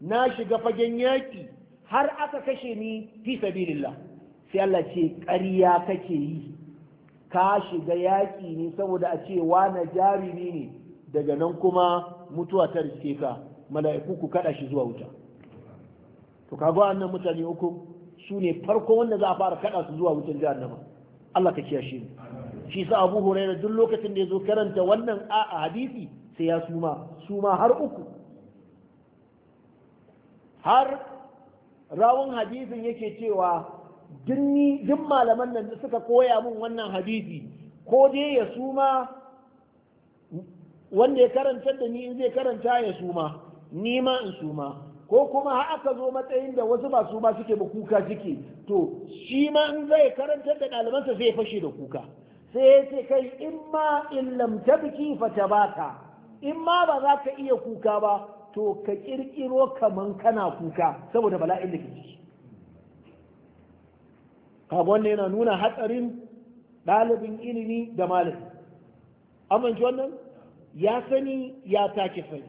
Speaker 1: na shiga fagen yaƙi har aka kashe ni fi sabilillah sai Allah ce ƙarya kake yi ka shiga yaƙi ne saboda a ce wa na jarumi ne daga nan kuma mutuwa ta riske ka mala'iku ku kada shi zuwa wuta to ka ga annan mutane uku su ne farko wanda za a fara kada su zuwa wutan jahannama Allah ka kiyashe mu shi sa Abu Hurairah duk lokacin da ya karanta wannan a hadisi sai ya suma suma har uku har rawan hadisin yake cewa duk malaman nan da suka koya min wannan hadisi ko dai ya suma wanda ya karantar da ni in zai karanta ya suma ni ma in suma ko kuma har aka zo matsayin da wasu ba suma suke ba kuka suke to shi ma in zai karantar da ɗalibansa zai fashe da kuka sai ya ce kai in ma in lamta biki fata baka in ma ba za ka iya kuka ba to ka ƙirƙiro kaman kana kuka saboda bala'in da ke ciki kaga yana nuna hatsarin ɗalibin ilimi da malami amince wannan ya sani ya take sani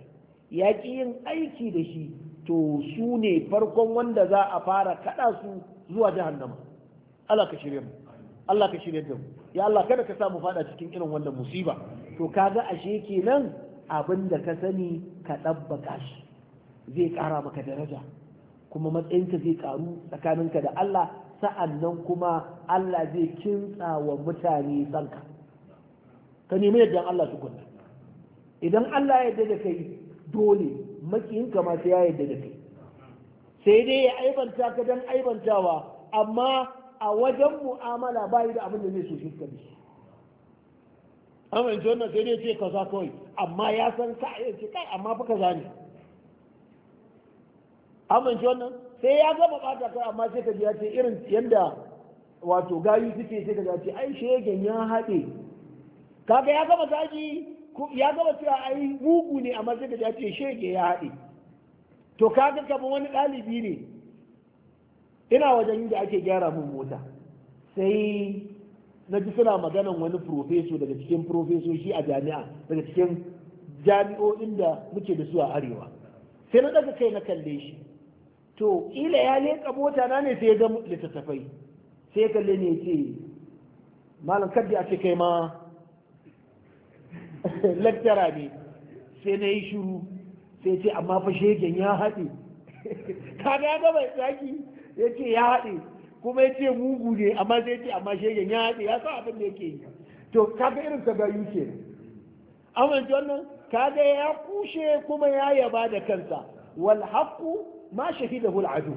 Speaker 1: ya ƙi yin aiki da shi to su ne farkon wanda za a fara kaɗa su zuwa jahannama Allah ka shirya mu Allah ka shirya da mu ya Allah kada ka samu fada cikin irin wannan musiba to ka ga ashe kenan abin da ka sani ka ɗabbaka shi zai ƙara maka daraja kuma matsayinka zai ƙaru tsakaninka da Allah sa'an nan kuma Allah zai kintsa wa mutane tsanka ka nemi yadda Allah kunna idan Allah ya yarda da kai dole makiyinka ma sai ya yarda da kai sai dai ya aibanta ka dan aibantawa amma a wajen mu'amala bayi da abin da zai so shi ka bishi Amince wannan sai dai ce za kawai amma ya san ka a ce kai amma fa kaza ne amma wannan sai ya gama bata kai amma sai ka ji ya ce irin yanda wato gayu suke sai ka ce ai shegen ya haɗe kaga ya gama gaji ya gaba cewa yi mugu ne a sai ka ce shege ya haɗe to kaga kamar wani ɗalibi ne ina wajen da ake gyara mun mota sai na ji suna maganan wani profeso daga cikin profesoshi a jami'a daga cikin jami'o'in da muke da su a arewa sai na ɗaga kai na kalle shi to ila ya leƙa mota na ne sai ya ga littattafai sai ya kalle ne ya ce malam kaddi a ce kai ma lattara ne sai na yi shiru sai ce amma fa shegen ya haɗe kaga ya gaba zaki ya ce ya haɗe kuma ya ce mugu ne amma sai ce amma shegen ya haɗe ya sa abin da yake yi to kaga irin sa bayu ke amince wannan kaga ya kushe kuma ya yaba da kansa wal haqqu ma shahidahu al adu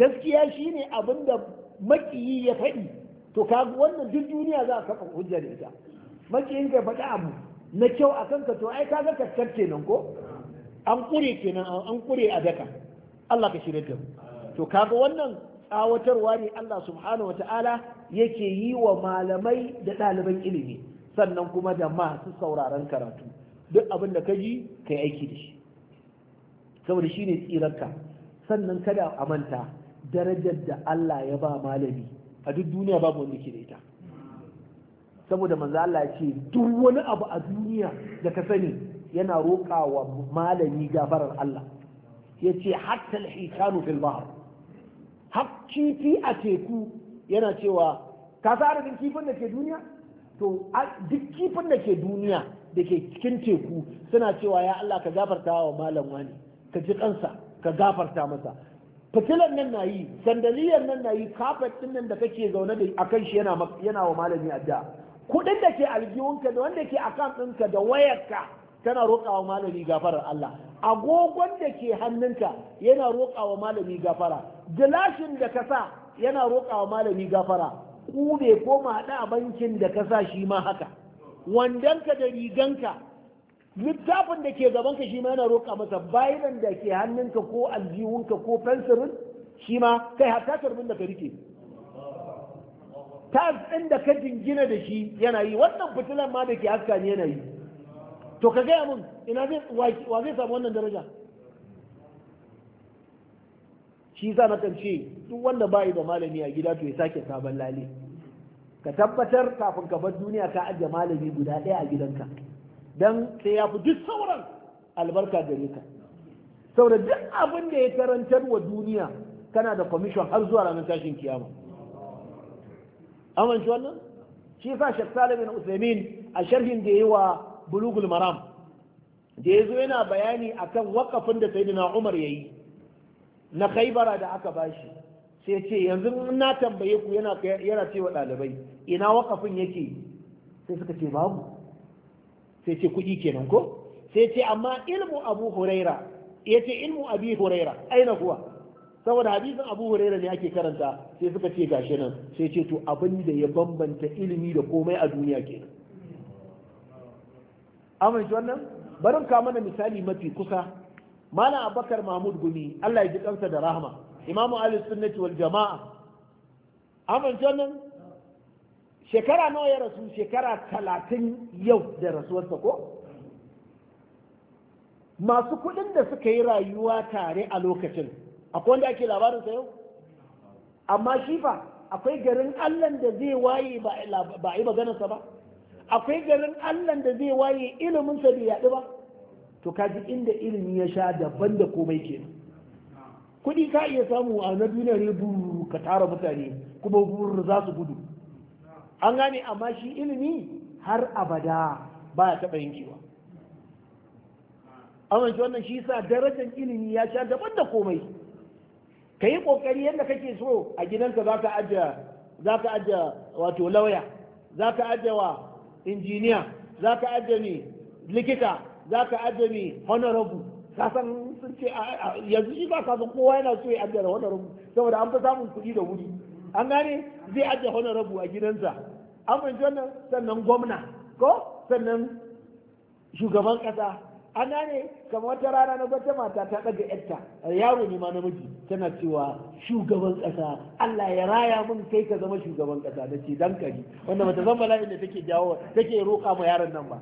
Speaker 1: gaskiya shine abin da makiyi ya faɗi to kaga wannan duk duniya za a kafa hujja da ita makiyin ka faɗi abu na kyau a kanka to ai kaga kaskar kenan ko an kure kenan an kure a daka Allah ka shirya mu to kaga wannan tsawatarwa ne Allah subhanahu wata'ala yake yi wa malamai da ɗaliban ilimi sannan kuma da masu sauraron karatu duk abin da ka ji ka yi aiki da shi saboda shi ne tsirarka sannan kada a manta darajar da Allah ya ba malami a duk duniya babu wanda ke da ita saboda manzo Allah ya ce duk wani abu a duniya da ka sani yana roƙawa malami gafarar Allah ya ce hatta al fil bahr har kifi a teku yana cewa ka sa kifin da ke duniya to duk kifin da ke duniya da ke cikin teku suna cewa ya Allah ka gafarta wa malam wani ka ji kansa ka gafarta masa Fitilar nan na yi sandaliyar nan na yi kafet din nan da kake zaune da akan shi yana yana wa malami addu'a kudin da ke aljihunka da wanda ke akan ɗinka da wayarka tana roƙawa malami gafarar Allah agogon da ke hannunka yana roƙawa malami gafara gilashin da ka sa yana roƙawa malami gafara kube ko maɗa a bankin da ka sa shi ma haka wandonka da riganka littafin da ke gabanka shi ma yana roƙa masa bayanan da ke hannunka ko aljihunka ko fensirin shi ma kai hatta karbin da ka rike tas ɗin da ka jingina da shi yana yi wannan fitilan ma da ke haska ne yana yi to ka gaya mun ina zai wa zai samu wannan daraja shi sa na ce duk wanda bai da malami a gida to ya sake sabon lale ka tabbatar kafin ka bar duniya ka ajiye malami guda ɗaya a gidanka don sai ya fi duk sauran albarka gare ka saboda duk abin da ya karantar wa duniya kana da commission har zuwa ranar tashin kiyama Aman shi wannan shi sa shek salim bin usaimin a sharhin da yi wa bulugul maram da ya zo yana bayani akan wakafin da sayyidina umar yayi na khaibara da aka bashi sai ce yanzu na tambaye ku yana yana ce wa ɗalibai ina wakafin yake sai suka ce babu sai ce kuɗi kenan ko sai ce amma ilmu abu huraira ya ce ilmu abi huraira aina kuwa saboda hadisin abu huraira ne ake karanta sai suka ce gashi nan sai ce to abin da ya bambanta ilimi da komai a duniya ke. amince wannan barin ka mana misali mafi kusa mana abakar mahmud gumi allah ya ji kansa da rahama imamu ali sunnati wal jama'a amince wannan shekara nawa ya rasu shekara talatin yau da rasuwarsa ko masu kuɗin da suka yi rayuwa tare a lokacin akwai wanda ake labarin sa yau amma shi fa akwai garin allah da zai waye ba a yi maganarsa ba akwai garin allah da zai waye iliminsa bai yaɗu ba to kaji inda ilimi ya sha daban da komai ke kuɗi ka iya samu a na duniyar ya buru ka tara mutane kuma buru za su gudu an gane amma shi ilimi har abada ba ya taɓa yankewa amince wannan shi sa darajar ilimi ya sha daban da komai ka yi ƙoƙari yadda kake so a gidanka za ka ajiye za ka ajiye wato lauya za ka ajiye wa injiniya za ka ajiye mai likita za ka ajiye mai honorable kasan sun ce yanzu shi ba kasan kowa yana so ya ajiye honorable saboda an fi samun kuɗi da wuri an gane zai ajiye honorable a gidansa an fahimci wannan sannan gwamna ko sannan shugaban ƙasa an ne kamar wata rana na wata mata ta ɗaga yarta yaro ne ma namiji tana cewa shugaban ƙasa Allah ya raya mun kai ka zama shugaban ƙasa da ce dan kari wanda bata zan bala da take jawo take roƙa ma yaron nan ba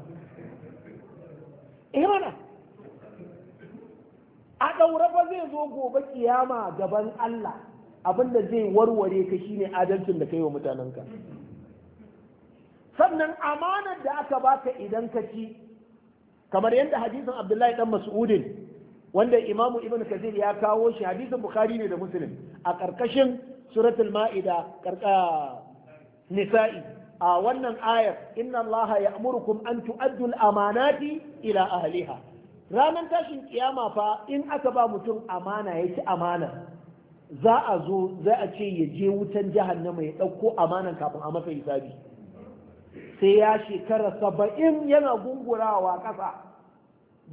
Speaker 1: eh mana a ɗaura ba zai zo gobe kiyama gaban Allah abinda zai warware ka shine adalcin da kai wa mutanenka sannan amanar da aka baka idan ka ci kamar yadda hadisin abdullahi dan mas'udin wanda imamu ibn kathir ya kawo shi hadisin bukhari ne da muslim a karkashin suratul ma'ida karka nisa'i a wannan ayar inna allaha ya'murukum an tu'addu al-amanati ila ahliha ranar tashin kiyama fa in aka ba mutum amana ya ci amana za a zo za a ce ya je wutan jahannama ya ɗauko amanan kafin a masa hisabi sai ya shekara saba'in yana gungurawa ƙasa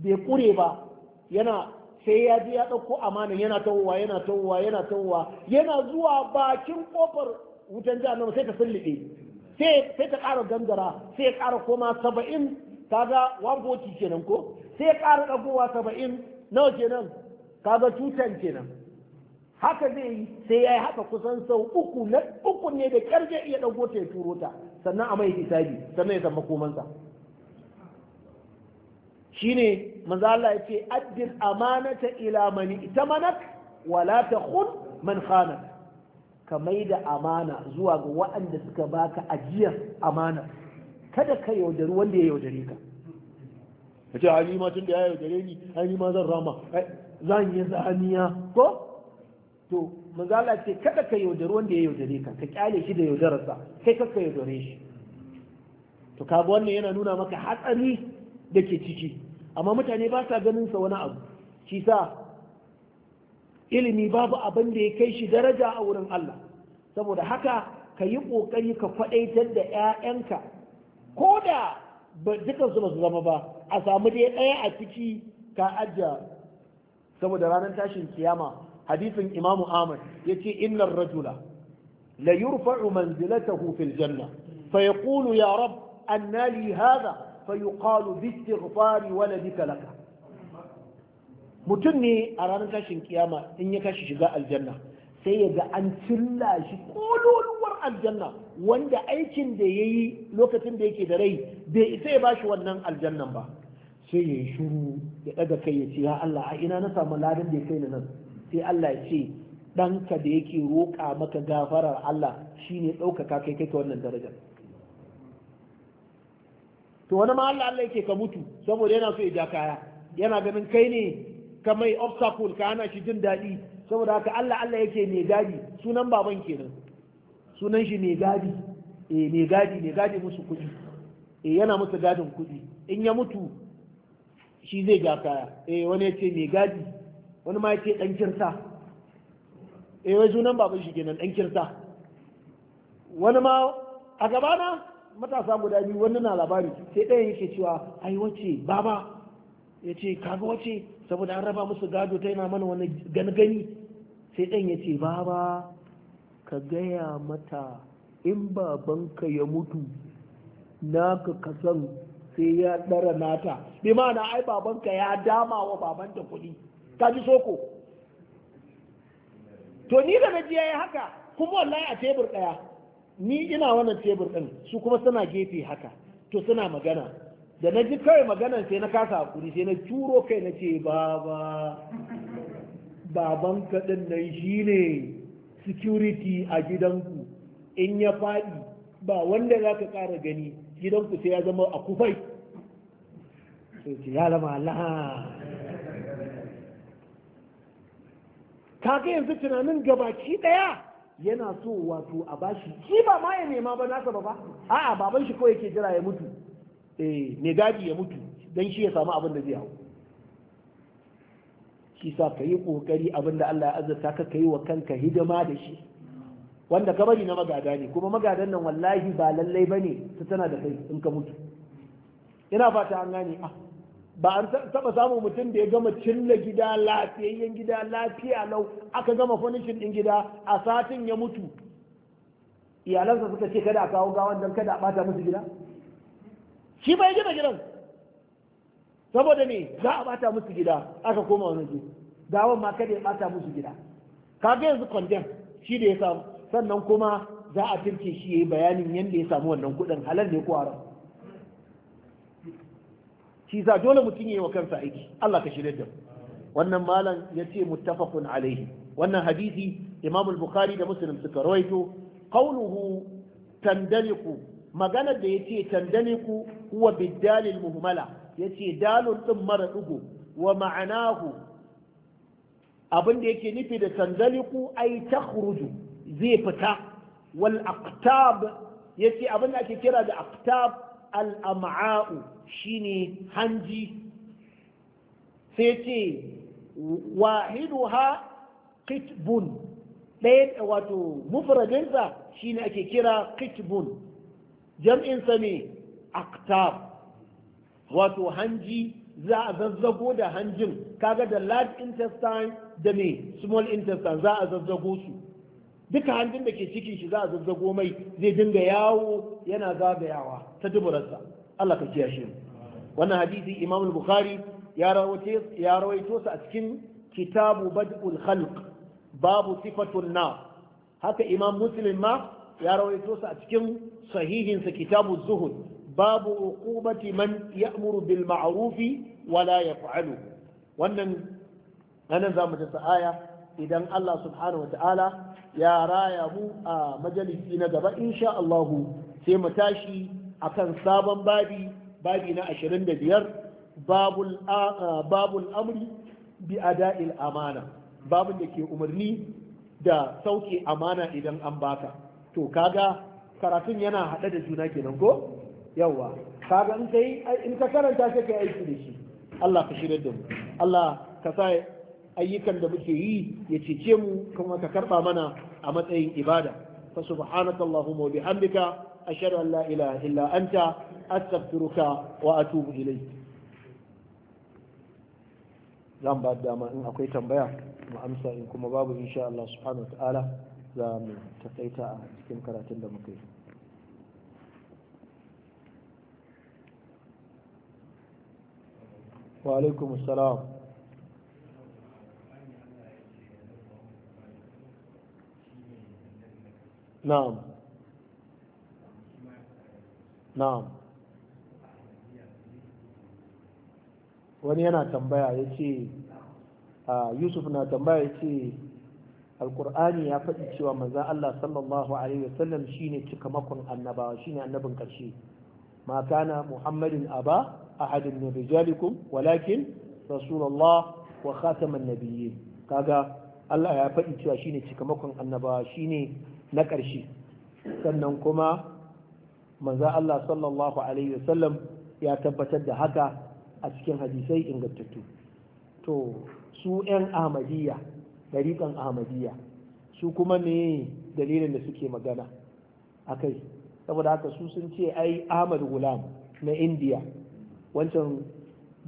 Speaker 1: bai ƙure ba yana sai ya ji ya ɗauko amanin yana tawowa yana tawowa yana tawowa yana zuwa bakin ƙofar wutan jihar sai ta sulluɗe sai ta ƙara gangara sai ya ƙara koma saba'in kaga 140 kenan ko sai ya ƙara ɗagowa saba'in nawa kenan kaga tutan kenan haka zai yi sai ya yi haka kusan sau uku na uku ne da kyar iya ɗauko ta ya turo ta sannan a mai hisabi sannan ya san makomansa. Shi shine manzo Allah addin amana ta ila mani itamanak wala takhun man khanak ka maida amana zuwa ga waɗanda suka baka ajiyar amana kada ka yaudari wanda ya yaudare ka A ce ma tun da ya yaudare ni ai ma zan rama zan yi zaniya ko to manzo Allah ce kada ka yaudari wanda ya yaudare ka ka kyale shi da yaudararsa kai ka yaudare shi to kaga wannan yana nuna maka hatsari da ke ciki amma mutane ba sa ganin sa wani abu shi sa ilimi babu abin da ya kai shi daraja a wurin Allah saboda haka ka yi kokari ka faɗaitar da 'ya'yanka ko da ba su ba su zama ba a samu dai ɗaya a ciki ka ajiya saboda ranar tashin kiyama hadisin imamu ahmad ce innar rajula la yurfa'u manzilatahu fil janna fa yaqulu ya rab anna li hadha fa yuqalu bi istighfari waladika laka mutum ne a ranar tashin kiyama in ya kashi shiga aljanna sai ya ga an cilla shi kololuwar aljanna wanda aikin da ya yi lokacin da yake da rai bai isa ya bashi wannan aljannan ba sai ya yi shuru ya ɗaga kai ya ce ya Allah a ina na samu ladan da ya kai na nan sai Allah ya ce ɗanka da yake roƙa maka gafarar Allah shine ɗaukaka kai kai wannan darajar to wani ma Allah Allah yake ka mutu saboda yana so ya ja kaya yana ganin kai ne ka mai obstacle ka hana shi jin daɗi saboda haka Allah Allah yake mai gadi sunan baban kenan sunan shi mai gadi eh mai gadi mai gadi musu kuɗi eh yana musu gadin kuɗi in ya mutu shi zai ja kaya eh wani ya ce mai gadi wani ma ya ce ɗan kirta eh wai sunan baban shi kenan ɗan kirta wani ma a gabana matasa guda biyu wani na labari sai ɗayan yake cewa ai wace baba ya ce kaga wace saboda an raba musu gado ta yana mana wani gangani. sai ɗan ya ce baba ka gaya mata in babanka ya mutu naka kasan sai ya ɗara nata bi ma'ana ai babanka ya dama wa babanta kuɗi ka soko to ni da na ji yayi haka kuma wallahi a tebur daya ni ina wannan tebur din su kuma suna gefe haka to suna magana da na ji kawai maganan sai na kasa hakuri sai na turo kai na ce baba baban kaɗin nan shi ne security a gidanku in ya faɗi ba wanda za ka ƙara gani gidanku sai ya zama a kufai sai ce ya zama Allah kaga yanzu tunanin gabaki daya yana so wato a bashi shi ba ma ya nema ba nasa ba ba a'a baban shi ko yake jira ya mutu eh ne gadi ya mutu dan shi ya samu abin da zai hau shi sa ka yi kokari abin da Allah ya azurta ka kai wa kanka hidima da shi wanda ka bari na magada ne kuma magadan nan wallahi ba lallai bane su tana da kai in ka mutu ina fata an gane ah ba an taba samun mutum da ya gama cilla gida lafiyayyen gida lafiya lau aka gama fanishin din gida a satin ya mutu iyalansa suka ce kada a kawo gawan don kada a bata musu gida shi bai gina gidan saboda me za a bata musu gida aka koma wani gida gawan ma kada ya bata musu gida kaga yanzu condemn shi da ya samu sannan kuma za a turke shi yayi bayanin yadda ya samu wannan kudin halal ne ko haram shi sa dole mutum ya yi wa kansa aiki Allah ka shirya da wannan malam ya ce muttafaqun alaihi wannan hadisi imam al-bukhari da muslim suka rawaito qawluhu tandaliku maganar da yace tandaliku huwa bidalil muhmala yace dalun din mara dugo wa ma'anahu abin da yake nufi da tandaliku ai takhruju zai fita wal aqtab yace abin da ake kira da aqtab al am'a'u shine hanji sai ce wahiduha kitbun ɗaya wato mufradinsa shine ake kira kitbun jam'insa ne aktab wato hanji za a zazzago da hanjin kaga da large intestine da ne small intestine za a zazzago su duka hanjin da ke cikin shi za a zazzago mai zai dinga yawo yana zagayawa ta duburarsa Allah ka kiyashe mu wannan hadisi Imam al-Bukhari ya rawaito ya rawaito sa a cikin kitabu bad'ul khalq babu sifatun na haka Imam Muslim ma ya rawaito sa a cikin sahihin sa kitabu zuhud babu uqubati man ya'muru bil ma'ruf wa la yaf'alu wannan anan zamu ta aya idan Allah subhanahu wataala ya raya mu a majalisi na gaba insha Allah sai mu tashi akan sabon babi babi na 25 babul babul amri bi ada'il amana babun da ke umarni da sauke amana idan an baka to kaga karatun yana hada da juna kenan ko yawa kaga in kai in ka karanta sai kai aiki da shi Allah ka shirye da mu Allah ka sa ayyukan da muke yi ya cece mu kuma ka karba mana a matsayin ibada fa subhanaka allahumma wa bihamdika ashhadu an la ilaha illa anta astaghfiruka wa atubu ilayk zan ba dama in akwai tambaya mu amsa in kuma babu insha Allah subhanahu wa ta'ala za mu takaita a cikin karatun da muka yi وعليكم السلام na'am na'am wani yana tambaya ya ce yusuf na tambaya ya ce alkur'ani ya faɗi cewa manzan allah sallallahu alaihi wasallam shine cikamakon annabawa shine annabin ƙarshe makana muhammadin aba ahadin min rijalikum walakin rasulullah wa khataman nabiyyin kaga allah ya faɗi cewa shine cikamakon annabawa shine na ƙarshe sannan kuma manza Allah sallallahu alaihi wasallam ya tabbatar da haka a cikin hadisai ingantattu to su 'yan ahmadiyya dariƙan ahmadiyya su kuma ne dalilin da suke magana a kai saboda haka su sun ce ai ahmad gulam na indiya wancan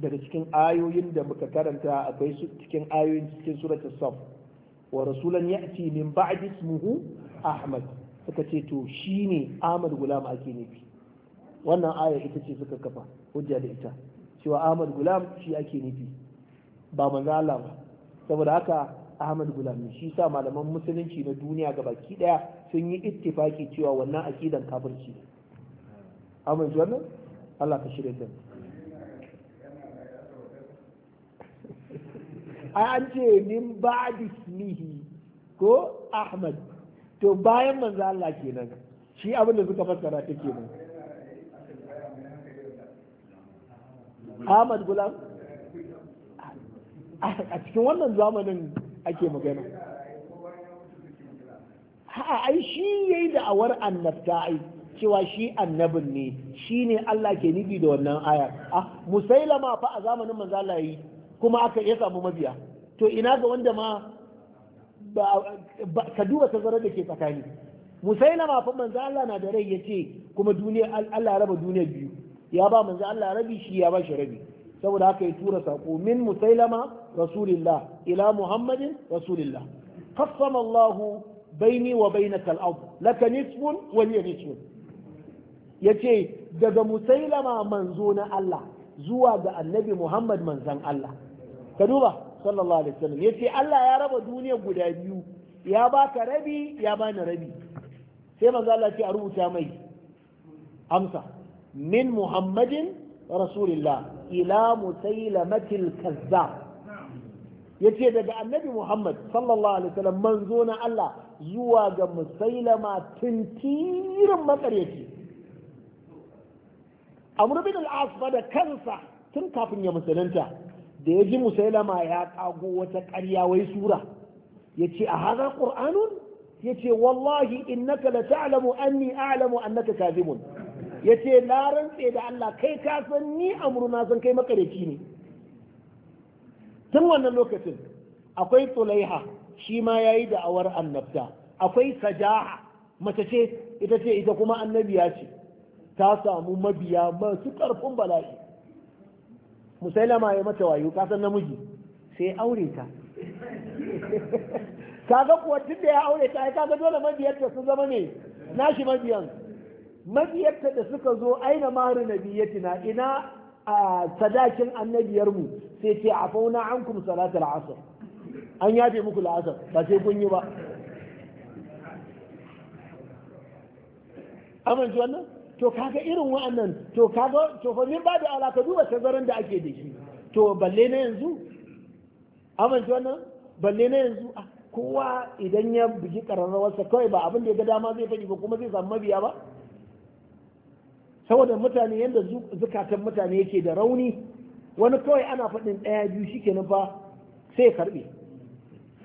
Speaker 1: daga cikin ayoyin da muka karanta akwai cikin ayoyin cikin suratul saf wa rasulan ya'ti min ba'di ismuhu ahmad suka ce to shine ahmad gulam ake nufi wannan aya ita ce suka kafa hujja da ita cewa ahmad gulam shi ake nufi ba manzo Allah ba saboda haka ahmad gulam ne shi sa malaman musulunci na duniya ga baki daya sun yi ittifaki cewa wannan akidan kafirci Ahmad Gulam Allah ka shirya da an ce min ba'di ko ahmad to bayan manzo Allah kenan shi abin da suka fassara ta kenan Ahmad Gulam a cikin wannan zamanin ake magana ha ai shi yayi da awar annabta ai cewa shi annabin ne shi ne Allah ke nufi da wannan ayar A musailama fa a zamanin manzo Allah yi kuma aka ya samu mabiya to ina ga wanda ma ka duba tazarar da ke tsakani musailama fa manzo Allah na da rai yace kuma duniya Allah raba duniya biyu ya ba manzo Allah rabi shi ya ba shi rabi saboda haka ya tura sako min musailama rasulillah ila muhammadin rasulillah qassama Allah baini wa bainaka al-ard laka nisfun wa liya nisfun yace daga musailama manzo na Allah zuwa ga annabi Muhammad manzon Allah ka duba sallallahu alaihi wasallam yace Allah ya raba duniya guda biyu ya baka rabi ya bani rabi sai manzo Allah ce a rubuta mai amsa min muhammadin rasulillah ila musailamatil kazzab yace daga annabi muhammad sallallahu alaihi wasallam manzo na Allah zuwa ga musailama tintirin makaryaci amr bin al da kansa tun kafin ya musulunta da ya ji musailama ya kago wata ƙarya wai sura ya ce a haza ƙur'anun ya ce wallahi innaka la ta'lamu anni a'lamu annaka kazibun ya ce na rantse da Allah kai ka san ni amruna san kai makareci ne tun wannan lokacin akwai Tsulaiha shi ma yayi da'awar annabta akwai sajaha mace ce ita ce ita kuma annabiya ce ta samu mabiya masu ƙarfin bala'i musailama ya mata wayo kasan namiji sai aure ta kaga kuwa tun da ya aure ta ai kaga dole mabiyarta su zama ne nashi mabiyan mabiyarta da suka zo aina maru nabiyatina ina a sadakin annabiyarmu sai ce a fauna an kum salatul asr an yafe muku la'asar ba sai kun yi ba amince wannan to kaga irin wa'annan to kaga to fa min babu alaka duba tazaran da ake da shi to balle na yanzu to nan balle na yanzu ah, kowa idan ya bugi kararrawarsa kawai ba abin da ya ga dama zai faɗi ba kuma zai samu mabiya ba saboda mutane yanda zukatan mutane yake da rauni wani kawai ana faɗin ɗaya biyu shi kenan fa sai karɓe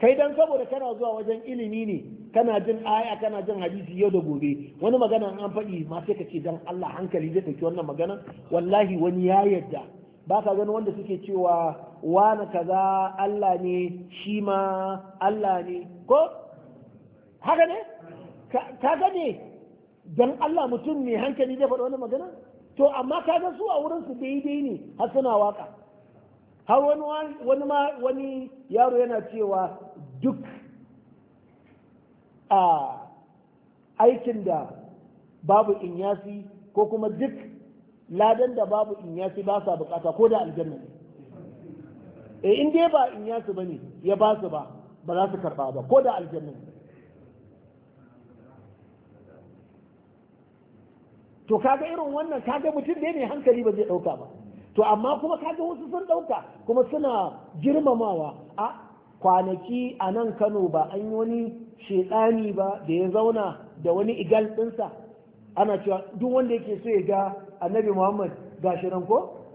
Speaker 1: kai dan saboda kana zuwa wajen ilimi ne kana jin aya kana jin hadisi yau da gobe wani magana an faɗi ma sai ka ce dan Allah hankali zai ɗauki wannan magana wallahi wani ya yadda ba ka gani wanda suke cewa wani kaza Allah ne shi ma Allah ne ko haka ne ka gane dan Allah mutum ne hankali zai faɗi wannan magana to amma ka ga su a wurin su daidai ne har suna waka har wani wani ma wani yaro yana cewa duk a aikin da babu inyasi ko kuma duk ladan da babu inyasi ba sa bukata ko da aljanna ne e in dai ba inyasi ba ya ba su ba ba za su karba ba ko da aljanna to kaga irin wannan kaga mutum ne mai hankali ba zai dauka ba to amma kuma kaga wasu sun dauka kuma suna girmamawa a kwanaki a nan kano ba an yi wani shedani ba da ya zauna da wani igal ɗinsa ana cewa duk wanda yake so ya ga annabi muhammad ga nan ko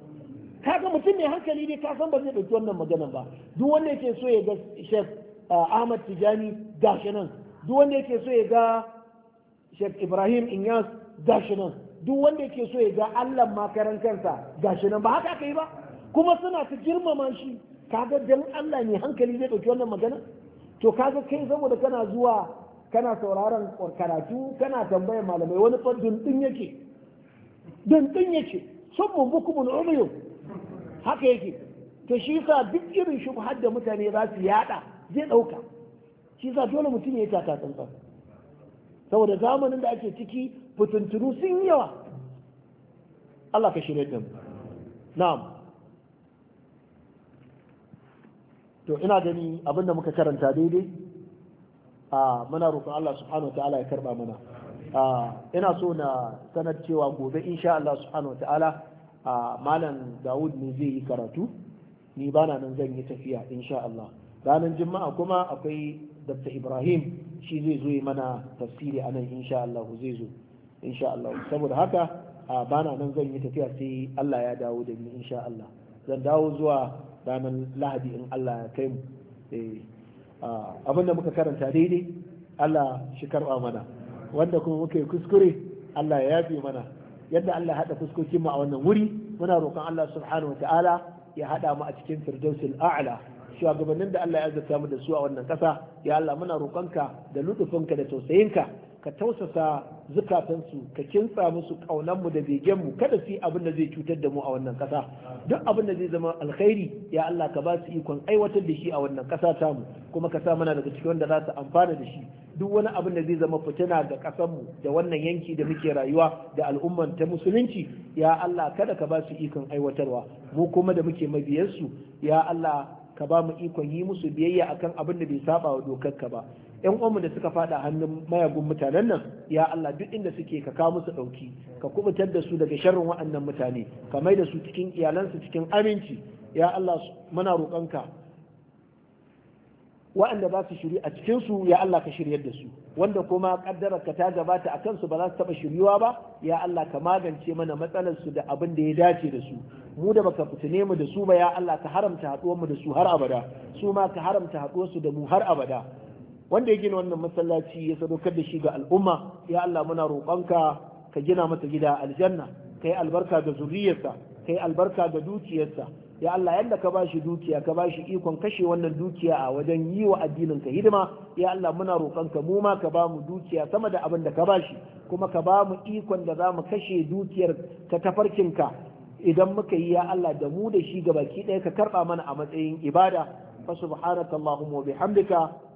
Speaker 1: kaga mutum mai hankali ne ka san ba zai ɗauki wannan maganan ba duk wanda yake so ya ga shek uh, ahmad tijani ga nan duk wanda yake so ya ga shek ibrahim inyas ga nan duk wanda yake so ya ga allah makaran kansa ga nan ba haka aka yi ba kuma suna ta girmama shi kaga dan allah ne hankali zai ɗauki wannan magana to kaga kai saboda kana zuwa kana sauraron karatu kana tambayar malamai wani fa dundun yake dundun yake sabbu bukumun umiyu haka yake to shi yasa duk irin shubhar da mutane za su yada zai dauka shi yasa dole mutum ya tata tsantsan saboda zamanin da ake ciki fitintunu sun yawa Allah ka shirye da na'am to ina gani abinda muka karanta daidai a muna roƙon Allah subhanahu wa ta'ala ya karba mana ina so na sanar cewa gobe insha Allah subhanahu wa ta'ala malam Dawud ne zai yi karatu ni bana nan zan yi tafiya insha Allah ranar juma'a kuma akwai Dr. Ibrahim shi zai zo mana tafsiri a nan insha Allah zai zo insha Allah saboda haka bana nan zan yi tafiya sai Allah ya dawo da ni insha Allah zan dawo zuwa ranar lahadi in Allah ya kai mu eh, abin da muka karanta daidai Allah shi karba mana wanda kuma muka yi kuskure Allah ya yafe mana yadda Allah haɗa fuskokin mu a wannan wuri muna roƙon Allah subhanahu wa ta'ala ya haɗa mu a cikin firdausul a'la shugabannin da Allah ya azurta mu da su a wannan ƙasa ya Allah muna roƙonka da lutufinka da tausayinka ka tausasa zukatansu ka kinsa musu kaunanmu da begenmu kada su yi abin da zai cutar da mu a wannan kasa duk abin da zai zama alkhairi ya Allah ka ba su ikon aiwatar da shi a wannan kasa tamu kuma ka sa mana daga cikin wanda za su amfana da shi duk wani abin da zai zama fitina ga mu da wannan yanki da muke rayuwa da al'umman ta musulunci ya Allah kada ka ba su ikon aiwatarwa mu kuma da muke mabiyansu ya Allah ka ba mu ikon yi musu biyayya akan abin da bai saba wa dokarka ba yan uwanmu da suka fada hannun mayagun mutanen nan ya Allah duk inda suke ka kawo musu dauki ka kubutar da su daga sharrin wa'annan mutane ka mai da su cikin iyalansu cikin aminci ya Allah muna roƙonka wa'anda ba su shiri a cikin ya Allah ka shiryar da su wanda kuma kaddara ka ta gabata a kansu ba za su taba shiryuwa ba ya Allah ka magance mana matsalar su da abin da ya dace da su mu da baka fitine mu da su ba ya Allah ka haramta haɗuwar mu da su har abada su ma ka haramta haɗuwar su da mu har abada wanda ya gina wannan masallaci ya sadaukar da shi ga al'umma ya Allah muna roƙonka ka gina masa gida aljanna kai albarka ga zuriyarsa kai albarka ga dukiyarsa ya Allah yadda ka bashi dukiya ka bashi ikon kashe wannan dukiya a wajen yi wa addinin ka hidima ya Allah muna roƙonka mu ma ka bamu dukiya sama da abin da ka bashi kuma ka bamu ikon da zamu kashe dukiyar ta tafarkinka idan muka yi ya Allah da mu da shi gabaki ɗaya ka karɓa mana a matsayin ibada fa subhanaka allahumma wa bihamdika